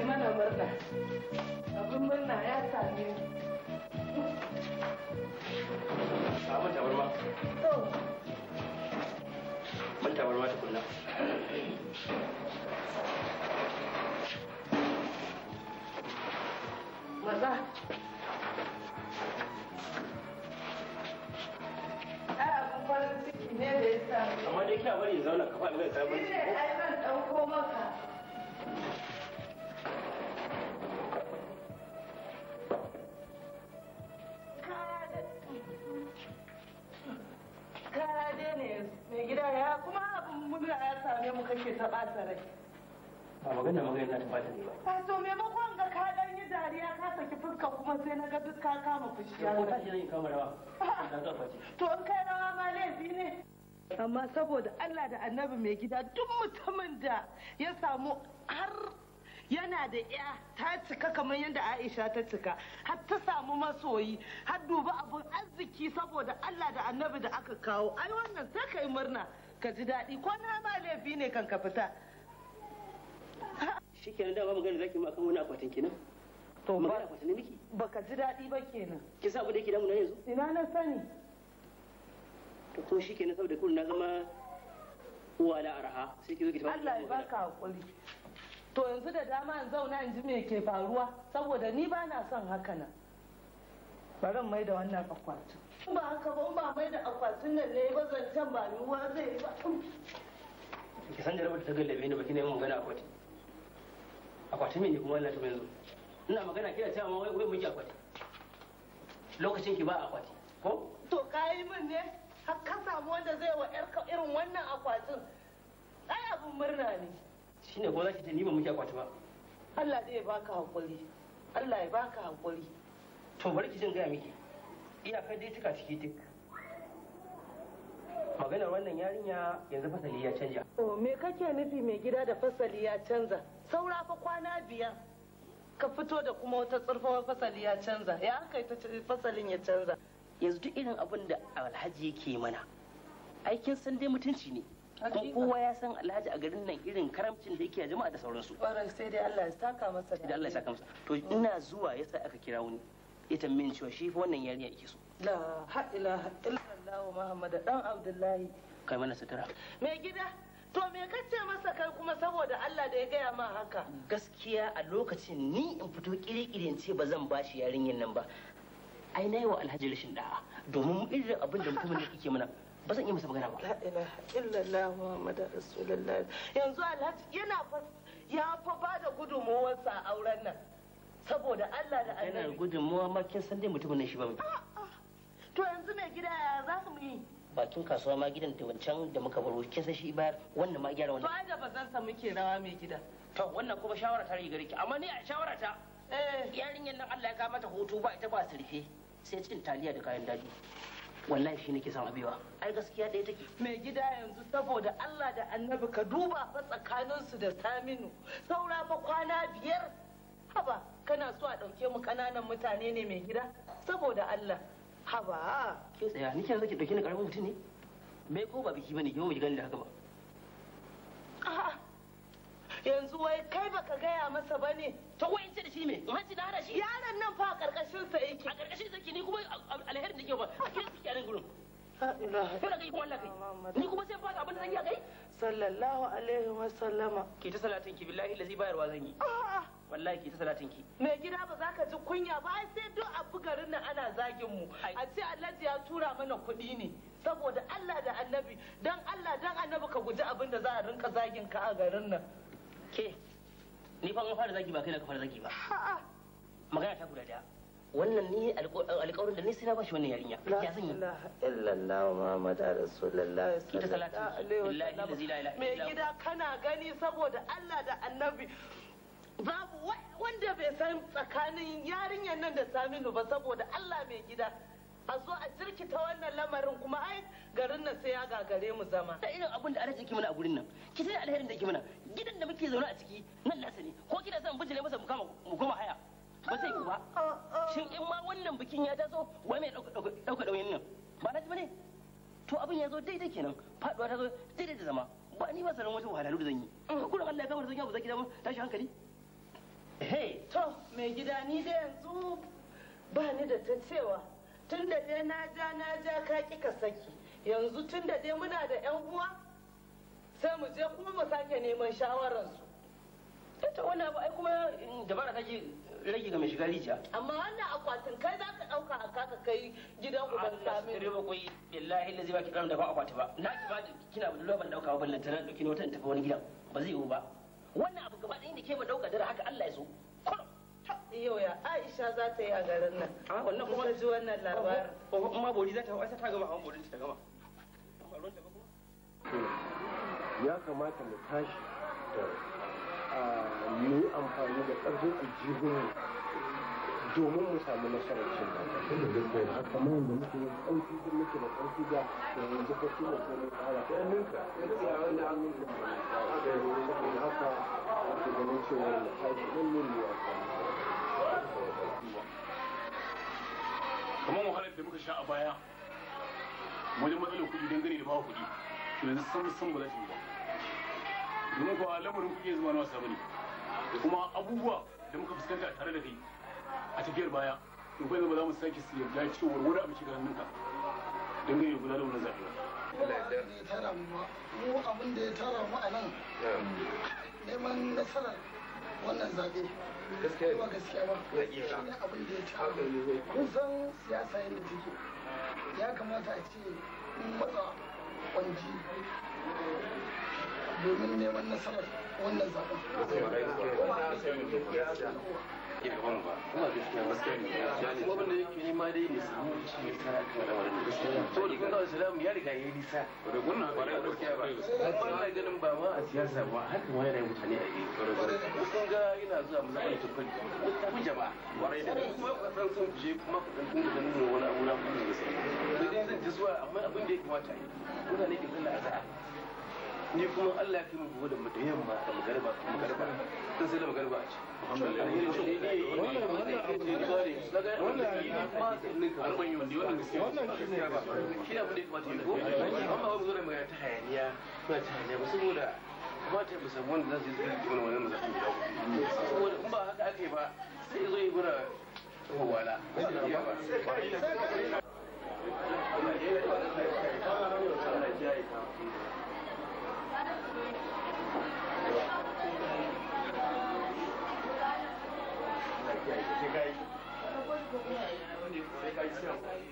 yi mana murna abin murna ya same mu samu tabarma to mun tabarma tukunna maza amma dai kina bari zauna kafa sabon ciki ko ai maka gida ya kuma abin muna ya same mu kashe ta ɓata rai ba magana magana ta bata ne ba wato maimakon ga ka dan yi dariya ka saki fuska kuma sai na ga duk ka kama fushi ya ta shi zan kama rawa to in kai rawa ma laifi ne amma saboda Allah da annabi mai gida duk mutumin da ya samu har yana da ya ta cika kamar yadda aisha ta cika har ta samu masoyi har duba abun arziki saboda allah da annabi da aka kawo ai wannan sai ka yi murna ka ji daɗi ko na ma laifi ne kan ka fita shi kenan dama magana zaki ma kan wani akwatin kenan to ba akwatin ne miki ka ji daɗi ba kenan ki sa abu da yake damuna yanzu ina na sani to kuma shi kenan saboda kullum na zama uwa na araha sai ki zo ki tabbata Allah ya baka hakuri to yanzu da dama in zauna in ji me ke faruwa saboda ni ba na son haka nan bari mai da wannan akwatin in ba haka ba in ba mai da akwatin nan ne ba zancen ba ruwa zai yi ba ki san jarabar ta gallabe ni ba ki neman magana akwati akwatin me ne kuma wannan ta yanzu ina magana kina cewa wai wai miki akwati lokacin ki ba akwati ko to kai min ne har ka samu wanda zai wa ka irin wannan akwatin ai abun murna ne shine ko za ki ce ni ba muke akwati ba Allah zai baka hakuri Allah ya baka hakuri to bari ki jin gaya miki iyakar dai tuka ciki duk maganar wannan yarinya yanzu fasali ya canja to me kake nufi mai gida da fasali ya canza saura fa kwana biyar ka fito da kuma wata tsirfawar fasali ya canza ya aka yi fasalin ya canza yanzu duk irin abin da alhaji yake mana aikin san dai mutunci ne kowa ya san alhaji a garin nan irin karamcin da yake a jama'a da sauransu sai dai Allah ya saka masa da Allah ya saka masa to mm. ina zuwa yasa aka kira wani ya min cewa shi fa wannan yarinya yake so la ha ilaha illallah muhammad dan abdullahi kai mana sutura me gida to me kace masa kai kuma saboda Allah da ya gaya ma haka mm. gaskiya a lokacin ni in fito in ce ba zan bashi yarinyan nan ba ai nayi wa alhaji rashin da'a domin irin abin da mutumin da kike mana ba zan iya masa magana ba la ilaha illallah muhammadu rasulullah yanzu alhaji yana fa ya fa ba da sa a auren nan saboda Allah da Annabi. yana gudunmuwa ma kin san dai mutumin ne shi ba to yanzu me gida ya za mu yi bakin kasuwa ma gidan da wancan da muka baro kin san shi bayar wannan ma gyara wannan to da ba zan san muke rawa mai gida to wannan kuma shawara ta riga riki amma ni a shawara ta eh yarinyar nan Allah ya ka mata hutu ba ita ba sirfe sai cin taliya da kayan daji wallahi shi ke son abewa ai gaskiya ɗaya take mai gida yanzu saboda Allah da annabi ka duba fa tsakaninsu da Saminu saura fa kwana biyar haba kana so a ɗauke mu kananan mutane ne mai gida saboda Allah haba ke tsaya nake yanzu ki ɗauke ni ƙaramin mutum ne me ko ba biki bane ki ba mu ji gani da haka ba a'a yanzu wai kai baka gaya masa ba ne to wai in ce da shi ne. in hanci na hana shi yaron nan fa a karkashin sa yake a karkashin sa ke ni kuma alherin da ke ba a kira suke a nan gurin kada kai kuma Allah kai ni kuma sai fata abin da zan yi a kai sallallahu alaihi wa sallama ke ta salatin ki billahi lazi bayarwa zan yi wallahi ke ta salatin ki mai gida ba za ka ji kunya ba ai sai duk abu garin nan ana zagin mu a ce Allah ya tura mana kuɗi ne saboda Allah da Annabi dan Allah dan Annabi ka guji abin da za a rinka zagin ka a garin nan ke ni fa an fara zagi ba kai na ka fara zagi ba magana ta guda daya wannan ni alƙawarin da ni sai na bashi wannan yarinya ya san yi illallah muhammad rasulullah ita salatu billahi la ilaha me gida kana gani saboda Allah da annabi babu wanda bai san tsakanin yarinyar nan da Saminu ba saboda Allah mai gida a zo a ta wannan lamarin kuma ai garin nan sai ya gagare mu zama da irin abin da alhaji ke mana a gurin nan ki tana alherin da ke mana gidan da muke zaune a ciki nan nasa ne ko kina son bijire masa mu koma haya ba sai ku ba shin in ma wannan bikin ya taso wai mai dauka dauyin nan ba na ji bane to abin ya zo daidai kenan faduwa ta zo daidai da zama ba ni ba sanin wata wahalalu da zan yi mm. kullum Allah ya kamar zan yi abu zaki da tashi hankali Hey! to mai gida ni da yanzu ba ni da ta cewa tun da dai na ja na ja ka ki ka saki yanzu tun da dai muna da yan uwa sai mu je kuma mu sake neman shawararsu eh, ta wani abu ai kuma dabara ji rage ga mai shiga rijiya amma wannan akwatin kai za ka ɗauka a kaka kai gidan ku ban sami ne ba koi billahi lazi ba ki da ba akwati ba na ki ba kina budurwa ban dauka ba ballan tana ɗauki wata in tafi wani gidan ba zai yiwu ba wannan abu gaba da da ke ba ɗauka dare haka Allah ya so yau ya aisha za ta yi a garin nan a wannan kuma ji wannan labarin kuma bori za ta hau ta gama ta gama hmm. ya kamata mu tashi da mu yi amfani da ƙarfin aljihun domin mu samu nasarar cin ba kamar yadda muke da ƙarfi da muke da ƙarfi da da yanzu ka tuna ko ƙara ta ninka gaskiya an da haka ake ganin cewa tashi nan ne ya kamar wahalar da muka sha a baya wajen matsalar kuɗi dangane da bawa kuɗi to yanzu sam san ba za su yi ba domin kuwa lamarin kuɗi zama na wasa bane da kuma abubuwa da muka fuskanta a tare da kai a tafiyar baya to kai ba za mu sake su yarda cewa wani abu shiga hannunka dangane da gudanar wannan ya tara mu abin da ya tara mu a nan neman nasarar wannan zaɓe gaskiya ba gaskiya ba ne abin da ya ci kun san siyasa yadda take ya kamata a ce in matsa kwanci domin neman nasarar wannan zaɓen ke gaban ba kuma gaskiya gaskiya ne kuma abin da yake nema dai ne su mu ci kan gaskiya to ya riga yayi nisa da gunna ba da gaskiya ba ba ganin ba ma a siyasa ba haka ma yana mutane a yi kun ga ina zuwa mu zama tukun ku jama'a warai da kuma ku san sun je kuma ku san kun wani abu na kun gaskiya to zan ji zuwa amma abin da ya kamata a yi zanna a ni kuma Allah ya mu da mu da yamma da magarba magarba sai da magarba a ci ka ba kuma ta wanda zai zai wannan mazafin gida saboda in ba haka ake ba sai zo yi gura wala Thank you.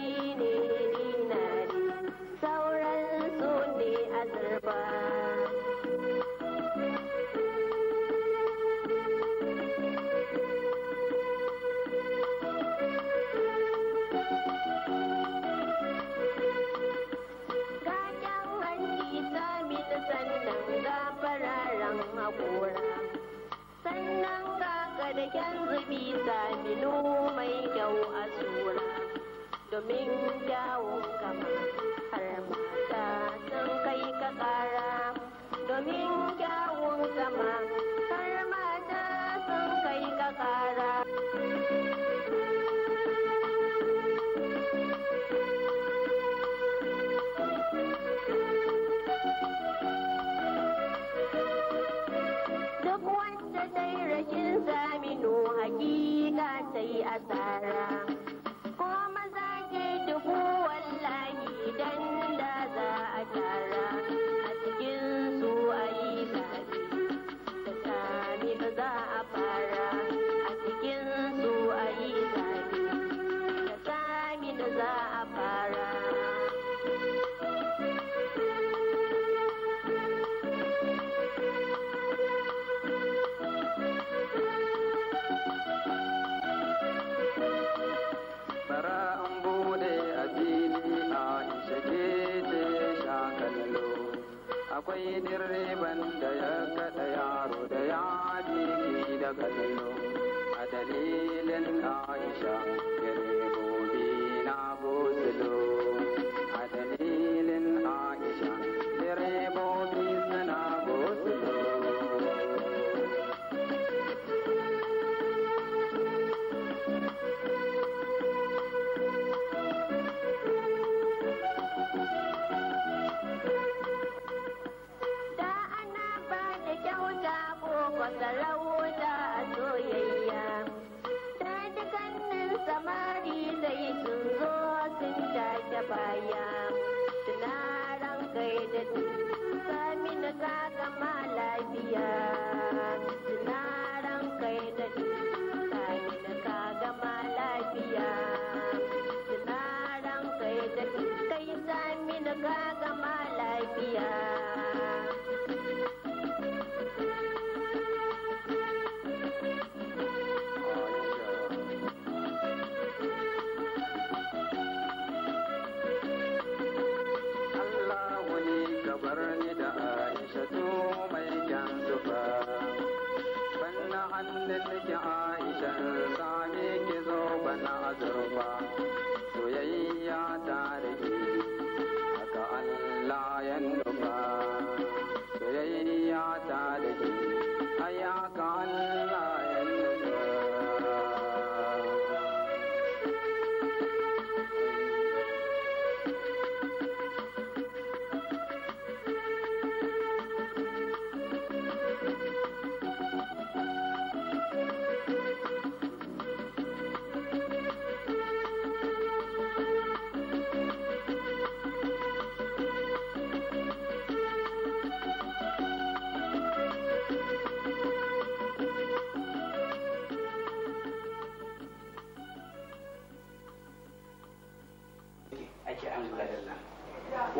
Thank you.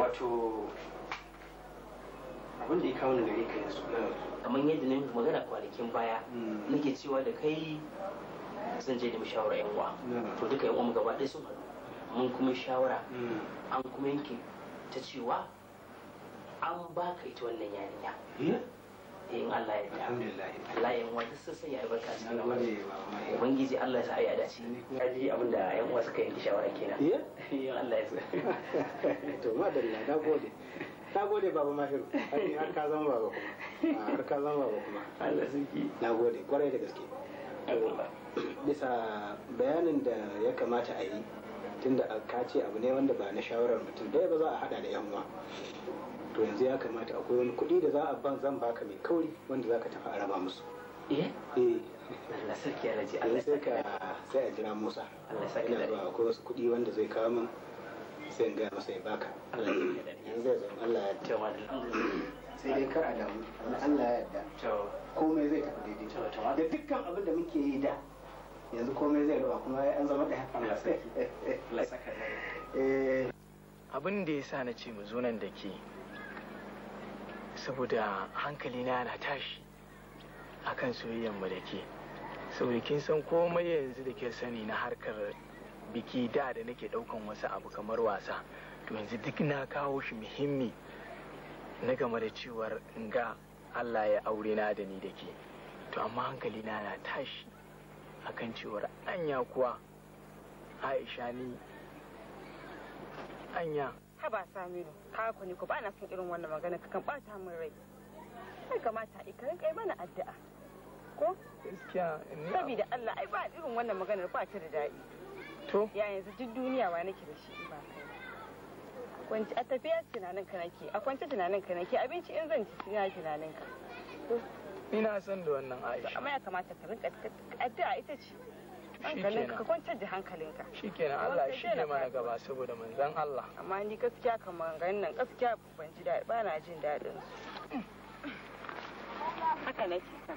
wato abin da ya kawo gare ka yanzu eh, kamar yadda na yi magana kwanakin baya hmm. nake cewa da kai zan je da shawara yan uwa to duka yan uwa gaba ɗaya sun haɗu mun kuma shawara hmm. an kuma yanke ta cewa an baka ita wannan yarinya hmm? eh, in Allah ya da Allah ya wata sassan ya albarka cikin ubangiji Allah ya sa ya dace ya ji abin da yan uwa suka yanke shawara kenan yin Allah ya sa to madalla na gode na gode baba mahiru har ka zama baba kuma ah, har ka zama baba kuma Allah sarki na gode kwarai da gaske bisa bayanin da ya kamata a yi tun da ka ce abu ne wanda ba na shawarar mutum ɗaya ba za a haɗa da yanwa to yanzu ya kamata akwai wani kuɗi da za a ban zan baka mai kauri wanda za ka tafi a raba musu eh eh Allah sarki ya raji Allah eh, sarki ya sai a jira musa ina zuwa akwai wasu kuɗi wanda zai kawo min sai in gaya masa ya baka yanzu ya zama allah ya sai dai kar a damu allah ya da komai zai tafi daidai da dukkan abin da muke yi da yanzu komai zai ruwa kuma an zama da eh. abin da ya sa na ce mu zo nan da ke saboda hankali na yana tashi akan soyayyar mu da ke saboda kin san komai yanzu da ke sani na harkar biki da da nake daukan wasu abu kamar wasa to yanzu duk na kawo shi muhimmi na game da cewar ga Allah ya aure na da ni da ke to amma hankali na na tashi akan cewar anya kuwa Aisha ni anya haba Saminu ka ku ni ku ba na son irin wannan magana ka kan bata min rai kai kamata ka rinka mana addu'a ko saboda Allah ai ba irin wannan maganar ba ta da daɗi to ya yanzu duk duniya ba nake da shi ba kwanci a tafiya tunanin ka nake a kwanci tunanin ka nake abinci in zan ci tunanin tunanin ka ina son da wannan Aisha amma ya kamata ka rinka addu'a ita ce hankalinka ka kwantar da hankalinka shikenan Allah shi ne mana gaba saboda manzon Allah amma ni gaskiya kamar ganin nan gaskiya ban ji daɗi ba na jin daɗin haka nake san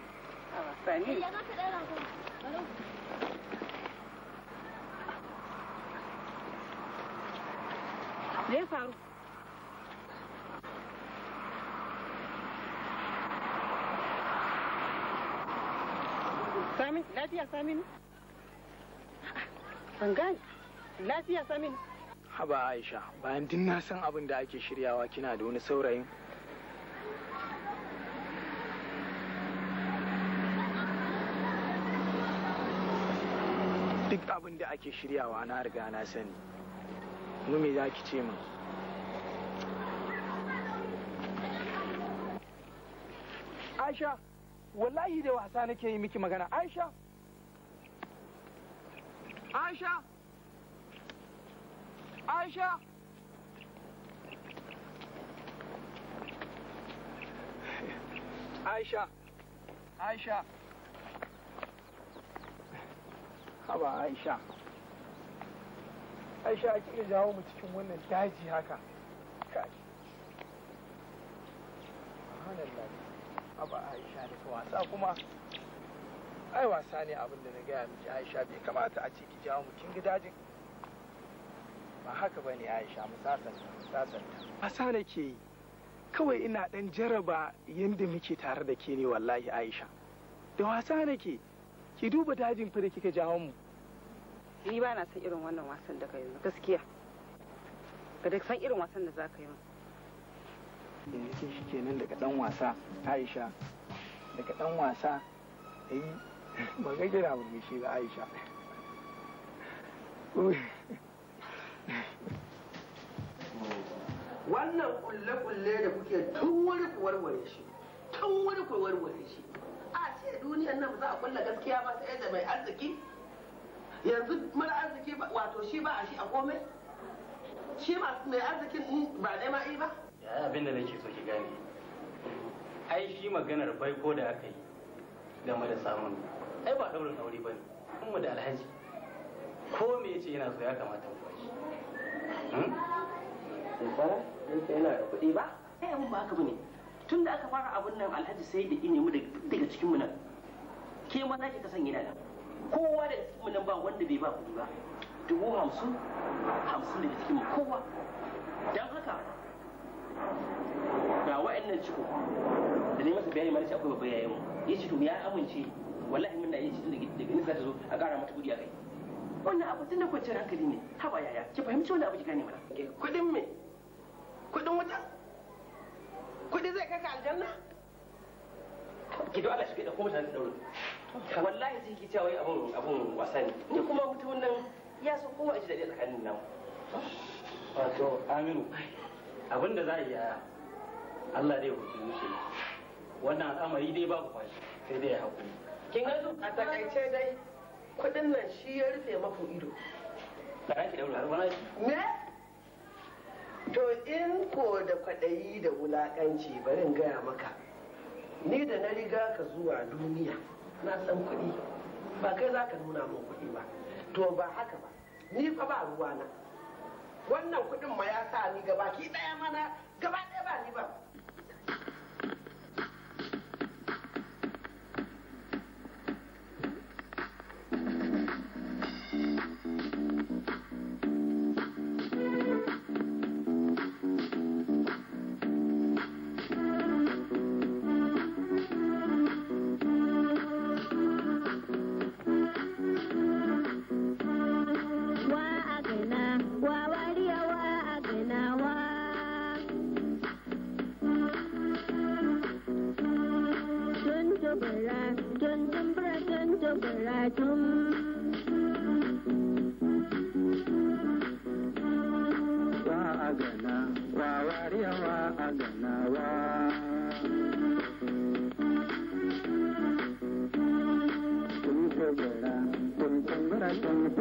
lafiya Samin? Haba Aisha, bayan din na san abin da ake shiryawa kina da wani saurayin duk abin da ake shiryawa na riga na sani mu me za ki ce min aisha wallahi da wasa nake yi miki magana aisha aisha aisha aisha aisha haba aisha aisha a kira jawo mu cikin wannan daji haka kai haba aisha da wasa kuma ai wasa ne abinda na gaya miki aisha bai kamata a ce ki jawo mu kin dajin ba haka ba ne aisha mu sasanta mu sasanta wasa ke yi kawai ina dan jaraba yadda muke tare da ke ne wallahi aisha da wasa na ke, ki duba dajin fa da kika jawo mu ni ba na san irin wannan wasan da ka yi gaskiya ka da san irin wasan da za ka yi min da yake shi kenan daga dan wasa aisha daga dan wasa yi eh, ba ga gira ba murmushi ba aisha wannan kulle-kulle da kuke tun wani warware shi tun wani warware shi a ce duniyar nan ba za a kulla gaskiya ba sai da mai arziki yanzu mara arziki wato shi ba a shi a komai shi mai arzikin ba dai ma'i ba yaya abin da nake so ki gane ai shi maganar baiko da aka yi game da samun ai ba daurin aure ba ne mu da alhaji ko me yace yana so ya kamata mu bashi Sara, hmm? ɗansa yana da kuɗi ba? Ai, eh, abin ba haka ba ne. Tun da aka fara abun nan alhaji sai da ne mu daga cikin mu nan. Ke ma za ki ta san yana nan. kowa da cikin nan ba wanda bai ba kuɗi ba dubu hamsin hamsin da cikin kowa don haka ga wa'annan ciko da ne masa bayani mara akwai babba yayin ya ce to ya amince wallahi mun na yi cikin daga nisa ta zo a ƙara mata kudi a kai wannan abu tun da kwanciyar hankali ne haba yaya ki fahimci wani abu ki gane mana Kudin me kudin wuta kuɗi zai kai ka aljanna ki Allah shi da kuma mutane da dauro wallahi sai ki cewa abun abun wasa ni kuma mutumin nan ya so kowa ji daɗi tsakanin nan wato aminu abin da za a yi yaya Allah dai hukunci shi wannan al'amari dai ba ku kwashi sai dai ya hakuri kin ga a takaice dai kuɗin nan shi ya rufe maku ido da ranki da wuri wani ne to in ko da kwaɗayi da wulaƙanci barin gaya maka ni da na riga ka zuwa duniya na san kuɗi ba kai za ka nuna min kuɗi ba to ba haka ba ni fa ba ruwana wannan kuɗin ma ya sa ni gabaki ɗaya mana gaba ɗaya ba ni ba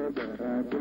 ಸದರದೂ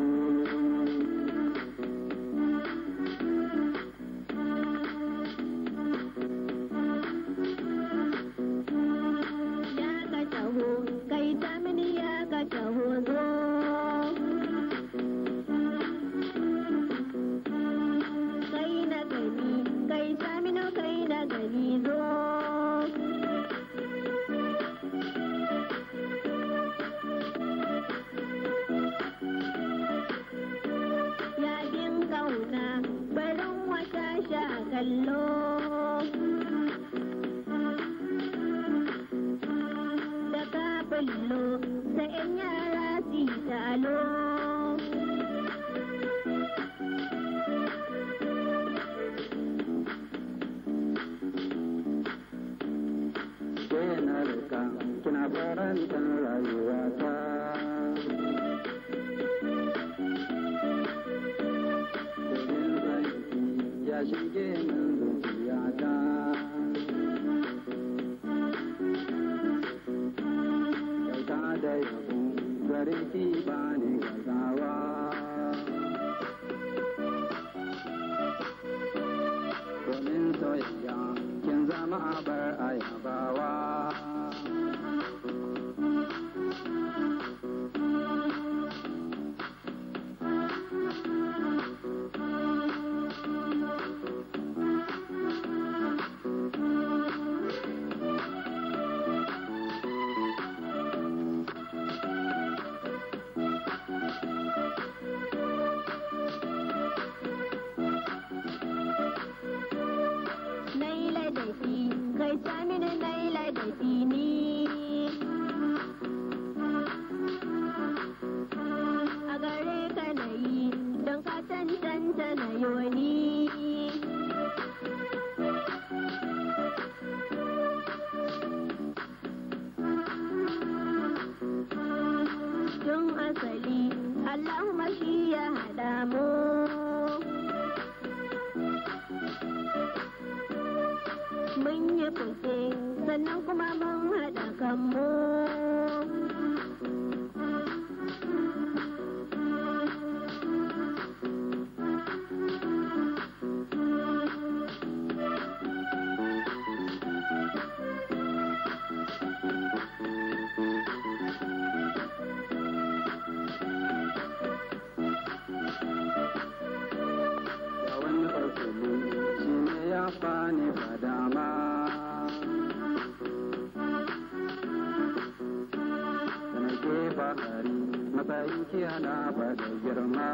shi na faɗi girma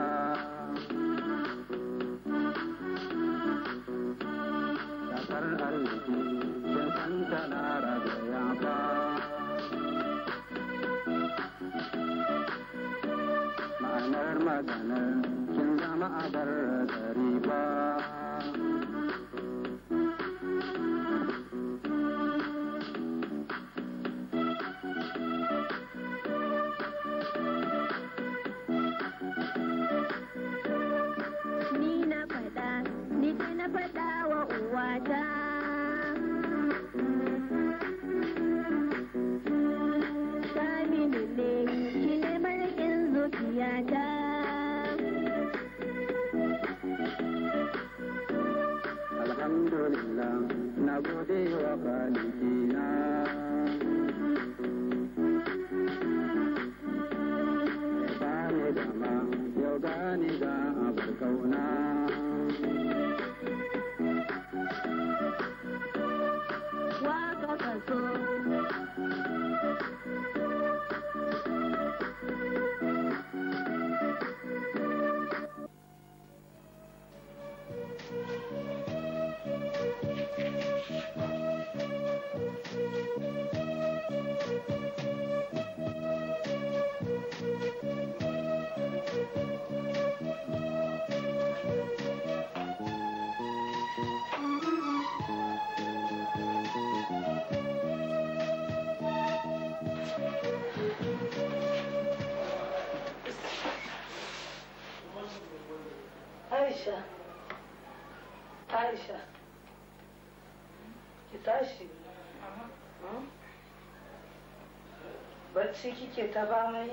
bacci kike ta ba mai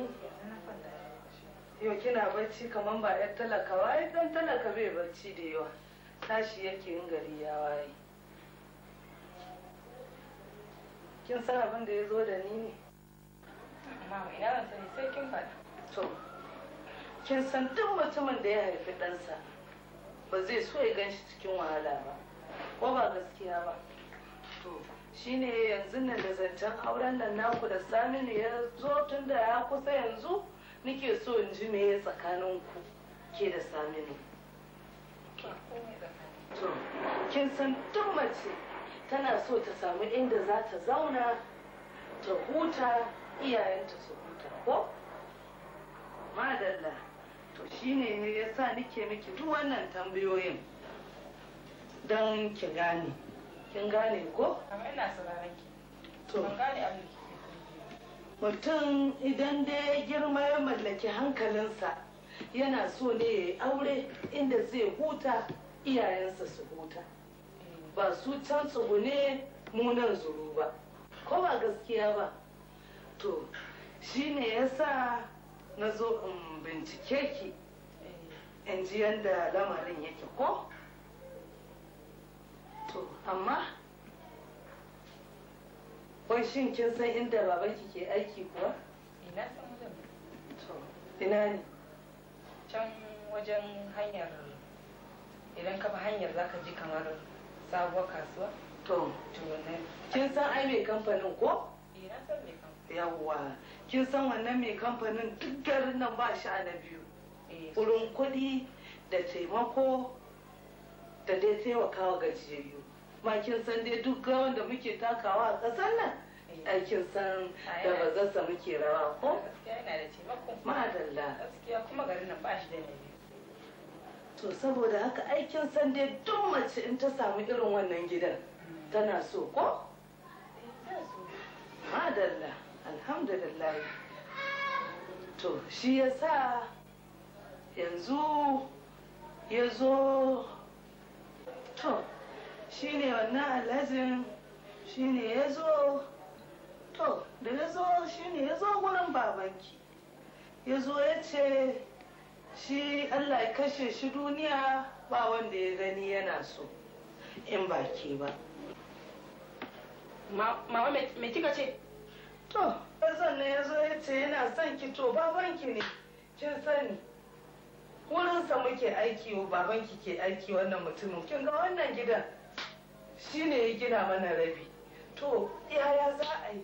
yau kina bacci kamar ba yar talaka waye dan talaka bai bacci da yawa tashi yake yin gari ya waye kin san abin da ya zo da ni ne mama ina ban sani sai kin faɗa to kin san duk mutumin da ya haifi ɗansa ba zai so ya gan shi cikin wahala ba ko ba gaskiya ba shine yanzu nan da zancen auren nan naku da saminu ya zo tun da ya kusa yanzu nike so in ji meye tsakanin ku ke da saminu kin san duk mace tana so ta samu inda za ta zauna ta huta iyayenta su huta ko madalla to shine ya sa nike miki duk wannan tambayoyin don ki gane kin gane ko amma ina sauraron to gane abin mutum idan dai girma ya mallaki hankalinsa yana so ne ya yi aure inda zai huta iyayensa su huta eh. ba su can tsugune munan zuru ba ko ba gaskiya ba to shi ne ya sa na zo in bincike ki eh. in ji yadda lamarin yake ko to amma wai shin kin san inda babanki ke aiki kuwa ina san wajen to ina ne can wajen hanyar idan ka bi hanyar zaka ji kamar sabuwar kasuwa to to ne kin san ai mai kamfanin ko ina eh, san mai kamfanin yawwa kin san wannan mai kamfanin duk garin nan ba shi a na biyu eh, wurin kuɗi da taimako da dai taimakawa gajiyayyu bakin san dai duk rawan da muke takawa a ƙasar nan eh. aikin san da bazarsa muke rawa ko ma'adalla to saboda haka aikin san dai duk mace in ta samu irin wannan gidan hmm. tana so ko eh, madalla alhamdulillah to shi ya sa yanzu ya zo to ne wannan shi ne ya zo to da ya zo ne ya zo wurin babanki ya zo ya ce shi allah ya kashe shi duniya ba wanda ya gani yana so in baki ba mama me kika ce to zan ne ya zo ya ce yana son ki to babanki ne kin sani wurinsa muke aiki babanki ke aiki wannan mutumin kin ga wannan gidan ne ya gina mana rabi to yaya za a yi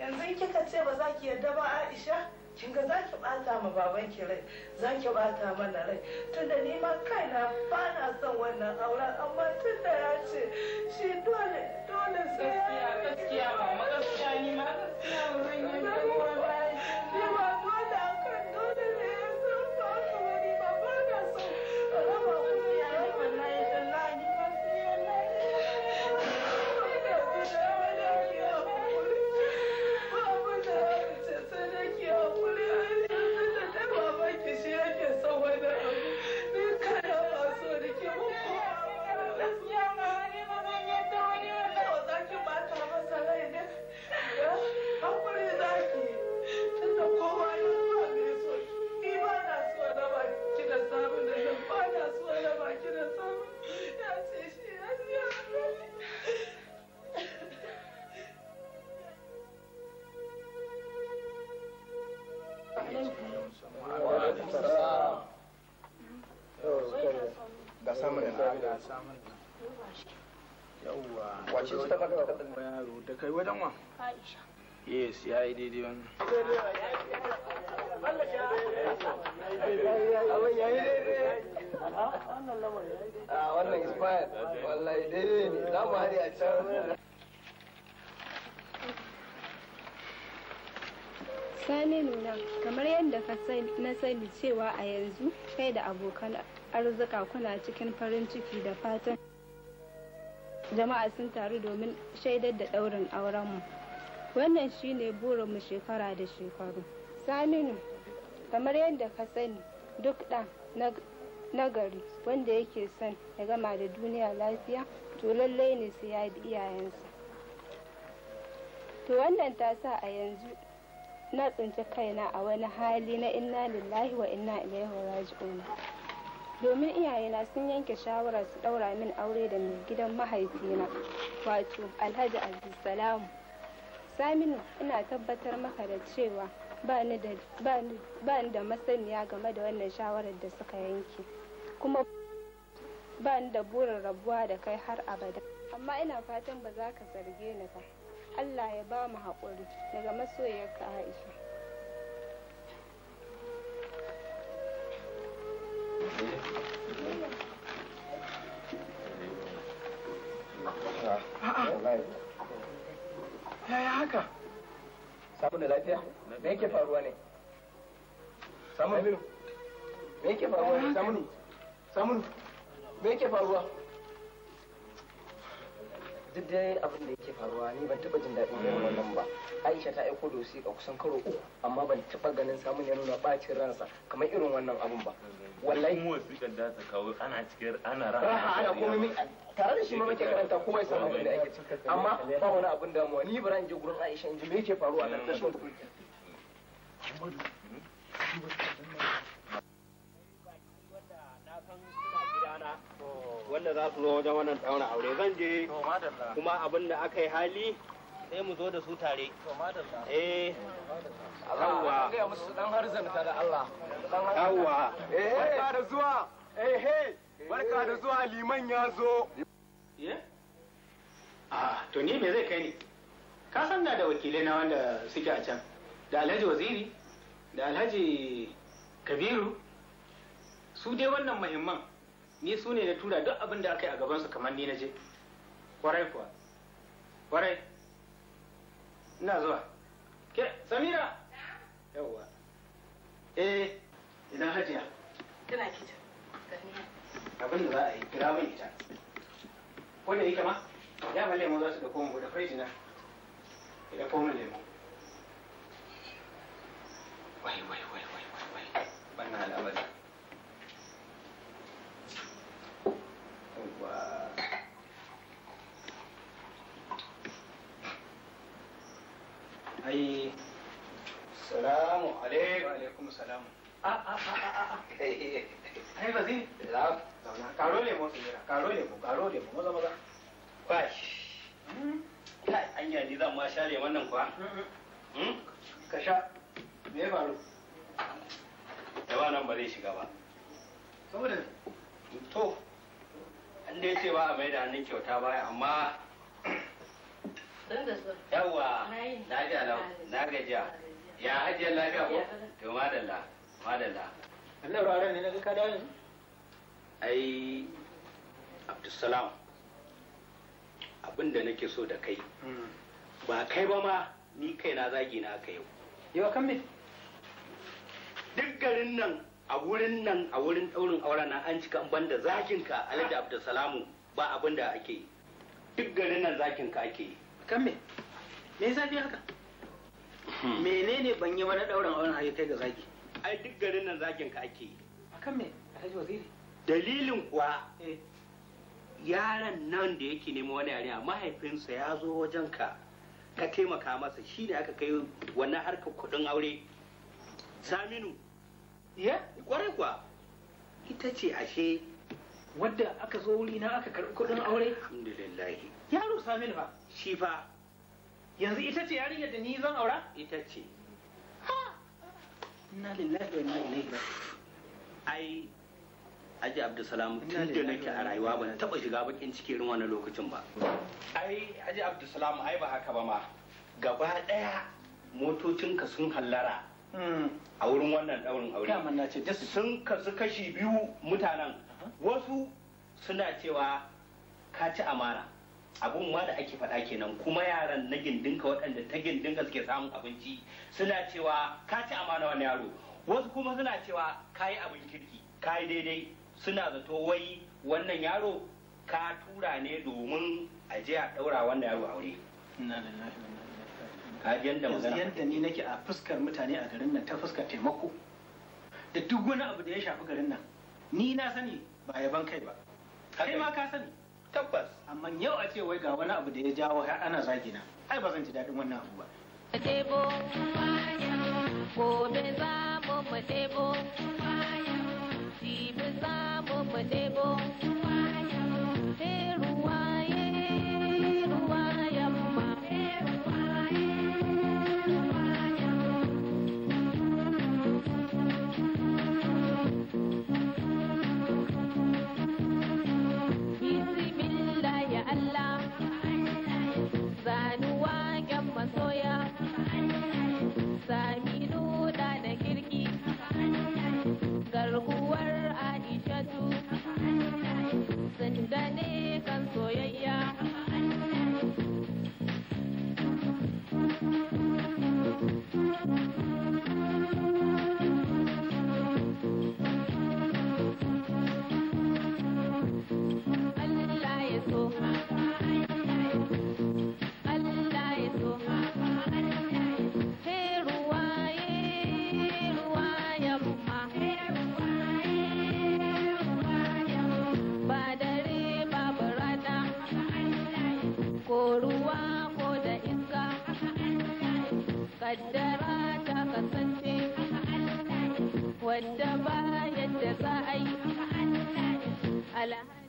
yanzu kika ce ba za ki yarda ba aisha kin ga za ki bata ma baban ki rai za ki bata mana rai tunda ni ma kaina ba na son wannan auren amma tunda ya ce shi dole dole sai gaskiya gaskiya ba gaskiya ni ma gaskiya ba yi ni ma kai wajen wa Aisha yes ya yi daidai wannan wannan inspired, wallahi daidai ne za mu hari a can sani nuna kamar yadda ka na sani cewa a yanzu kai da abokan arzika kuna cikin farin ciki da fatan jama'a sun taru domin shaidar da ɗaurin aurenmu wannan shi ne burinmu shekara da shekaru saminu kamar yadda ka sani duk ɗa na gari wanda yake son ya gama da duniya lafiya to lallai ne sai ya bi iyayensa to wannan ta sa a yanzu na tsinci kaina a wani hali na inna lillahi wa inna ilaihi raji'un domin iyayena sun yanke shawarar su ɗaura min aure da mai gidan mahaifina wato alhaji abdulsalamu saminu ina tabbatar maka da cewa ba ni da masaniya game da wannan shawarar da suka yanke kuma ba ni da burin rabuwa da kai har abada amma ina fatan ba za ka zarge ni ba allah ya ba mu haƙuri daga masoyarka aisha Yaya haka? Samun da lafiya? Me yake faruwa ne? Samunu. Me yake faruwa ne? Samunu. Samunu. Me yake faruwa? duk dai abin da yake faruwa ni ban taba jin daɗin yin wannan ba aisha ta aiko dosi a kusan karo uku amma ban taba ganin samun ya nuna bacin ransa kamar irin wannan abin ba wallahi mu kan da ta kawo ana cikin ana raha ana komai tare da shi ma muke karanta ko bai san abin da yake cikin amma ba wani abin damuwa ni bara in je gurin aisha in ji me yake faruwa nan da shi wanda za su zo wajen wannan ɗaurin aure zan je kuma abin da aka yi hali sai mu zo da su tare eh yawwa da Allah yawwa eh barka da zuwa eh barka da zuwa liman ya zo ah to ni me zai kai ni ka san da wakilai na wanda suke a can da Alhaji Waziri da Alhaji Kabiru su dai wannan muhimman ni su ne na tura duk abin da aka yi a gabansu kamar ni na je kwarai kuwa kwarai ina zuwa ke samira yawwa eh idan hajiya tana kita abin da za a yi kira mai ita wanda yake ma ya ba lemu za su da komo da firiji na da komo lemu wai wai wai wai wai wannan al'amari ai salamu alaikum alaikum salamu a a a a a ai ba zini la zauna karo lemo tsira karo lemo karo lemo maza maza ba shi hmm? kai anya ni zan ma sha lemon nan kuwa hmm, hmm. ka sha me ya faru yawa nan ba zai shiga ba saboda to an dai ce ba a mai da hannun kyauta baya amma yawa na ji alau na gajiya ya hajiyar lafiya ko to madalla madalla wannan ruwa ne na ga ka dawo yanzu ai abdulsalam abinda da nake so da kai hmm. ba kai ba ma ni kai na zagi na aka yau yau kan me duk garin nan a wurin nan a wurin daurin auren na an cika banda zakin ka alhaji abdulsalamu ba abin da yi. duk garin nan zakin ka ake kan me me ya haka hmm. menene ban yi wani ɗaurin auren har kai ga zaki ai duk garin nan zakin ka ake yi akan me alhaji waziri dalilin kuwa eh. yaron nan da yake nemo wani yare mahaifinsa ya zo wajen ka ka taimaka masa shi ne aka kai wannan harkar kuɗin aure saminu ya kwarai kuwa ita ce ashe wadda aka zo wuri na aka karɓi kuɗin aure Ya yaro sami ba shi fa yanzu ita ce yarinya da ni zan aura ita ce ha Ina lillahi wa ina ilaihi ai aji abdulsalam tun da nake a rayuwa ban taɓa shiga bakin ciki irin wani lokacin ba ai aji abdulsalam ai ba haka ba ma gaba motocin motocinka sun hallara hmm. a wurin wannan ɗaurin aure ce, sun kasu kashi biyu mutanen wasu suna cewa ka ci amana abun ma da ake faɗa kenan kuma yaran na gindinka waɗanda ta gindinka suke samun abinci suna cewa ka ci amana wani yaro wasu kuma suna cewa ka yi abin kirki ka yi daidai suna zato wai wannan yaro ka tura ne domin a je a ɗaura wannan yaro a wuri. yadda ni nake a fuskar mutane a garin nan ta fuskar taimako da duk wani abu da ya shafi garin nan ni na sani ba ban kai ba kai ma ka sani tabbas amma yau a ce wai ga wani abu da ya jawo har ana zagina ai ba zan ji daɗin wannan abu ba gobe za mu wadda ba yadda za a yi Ala.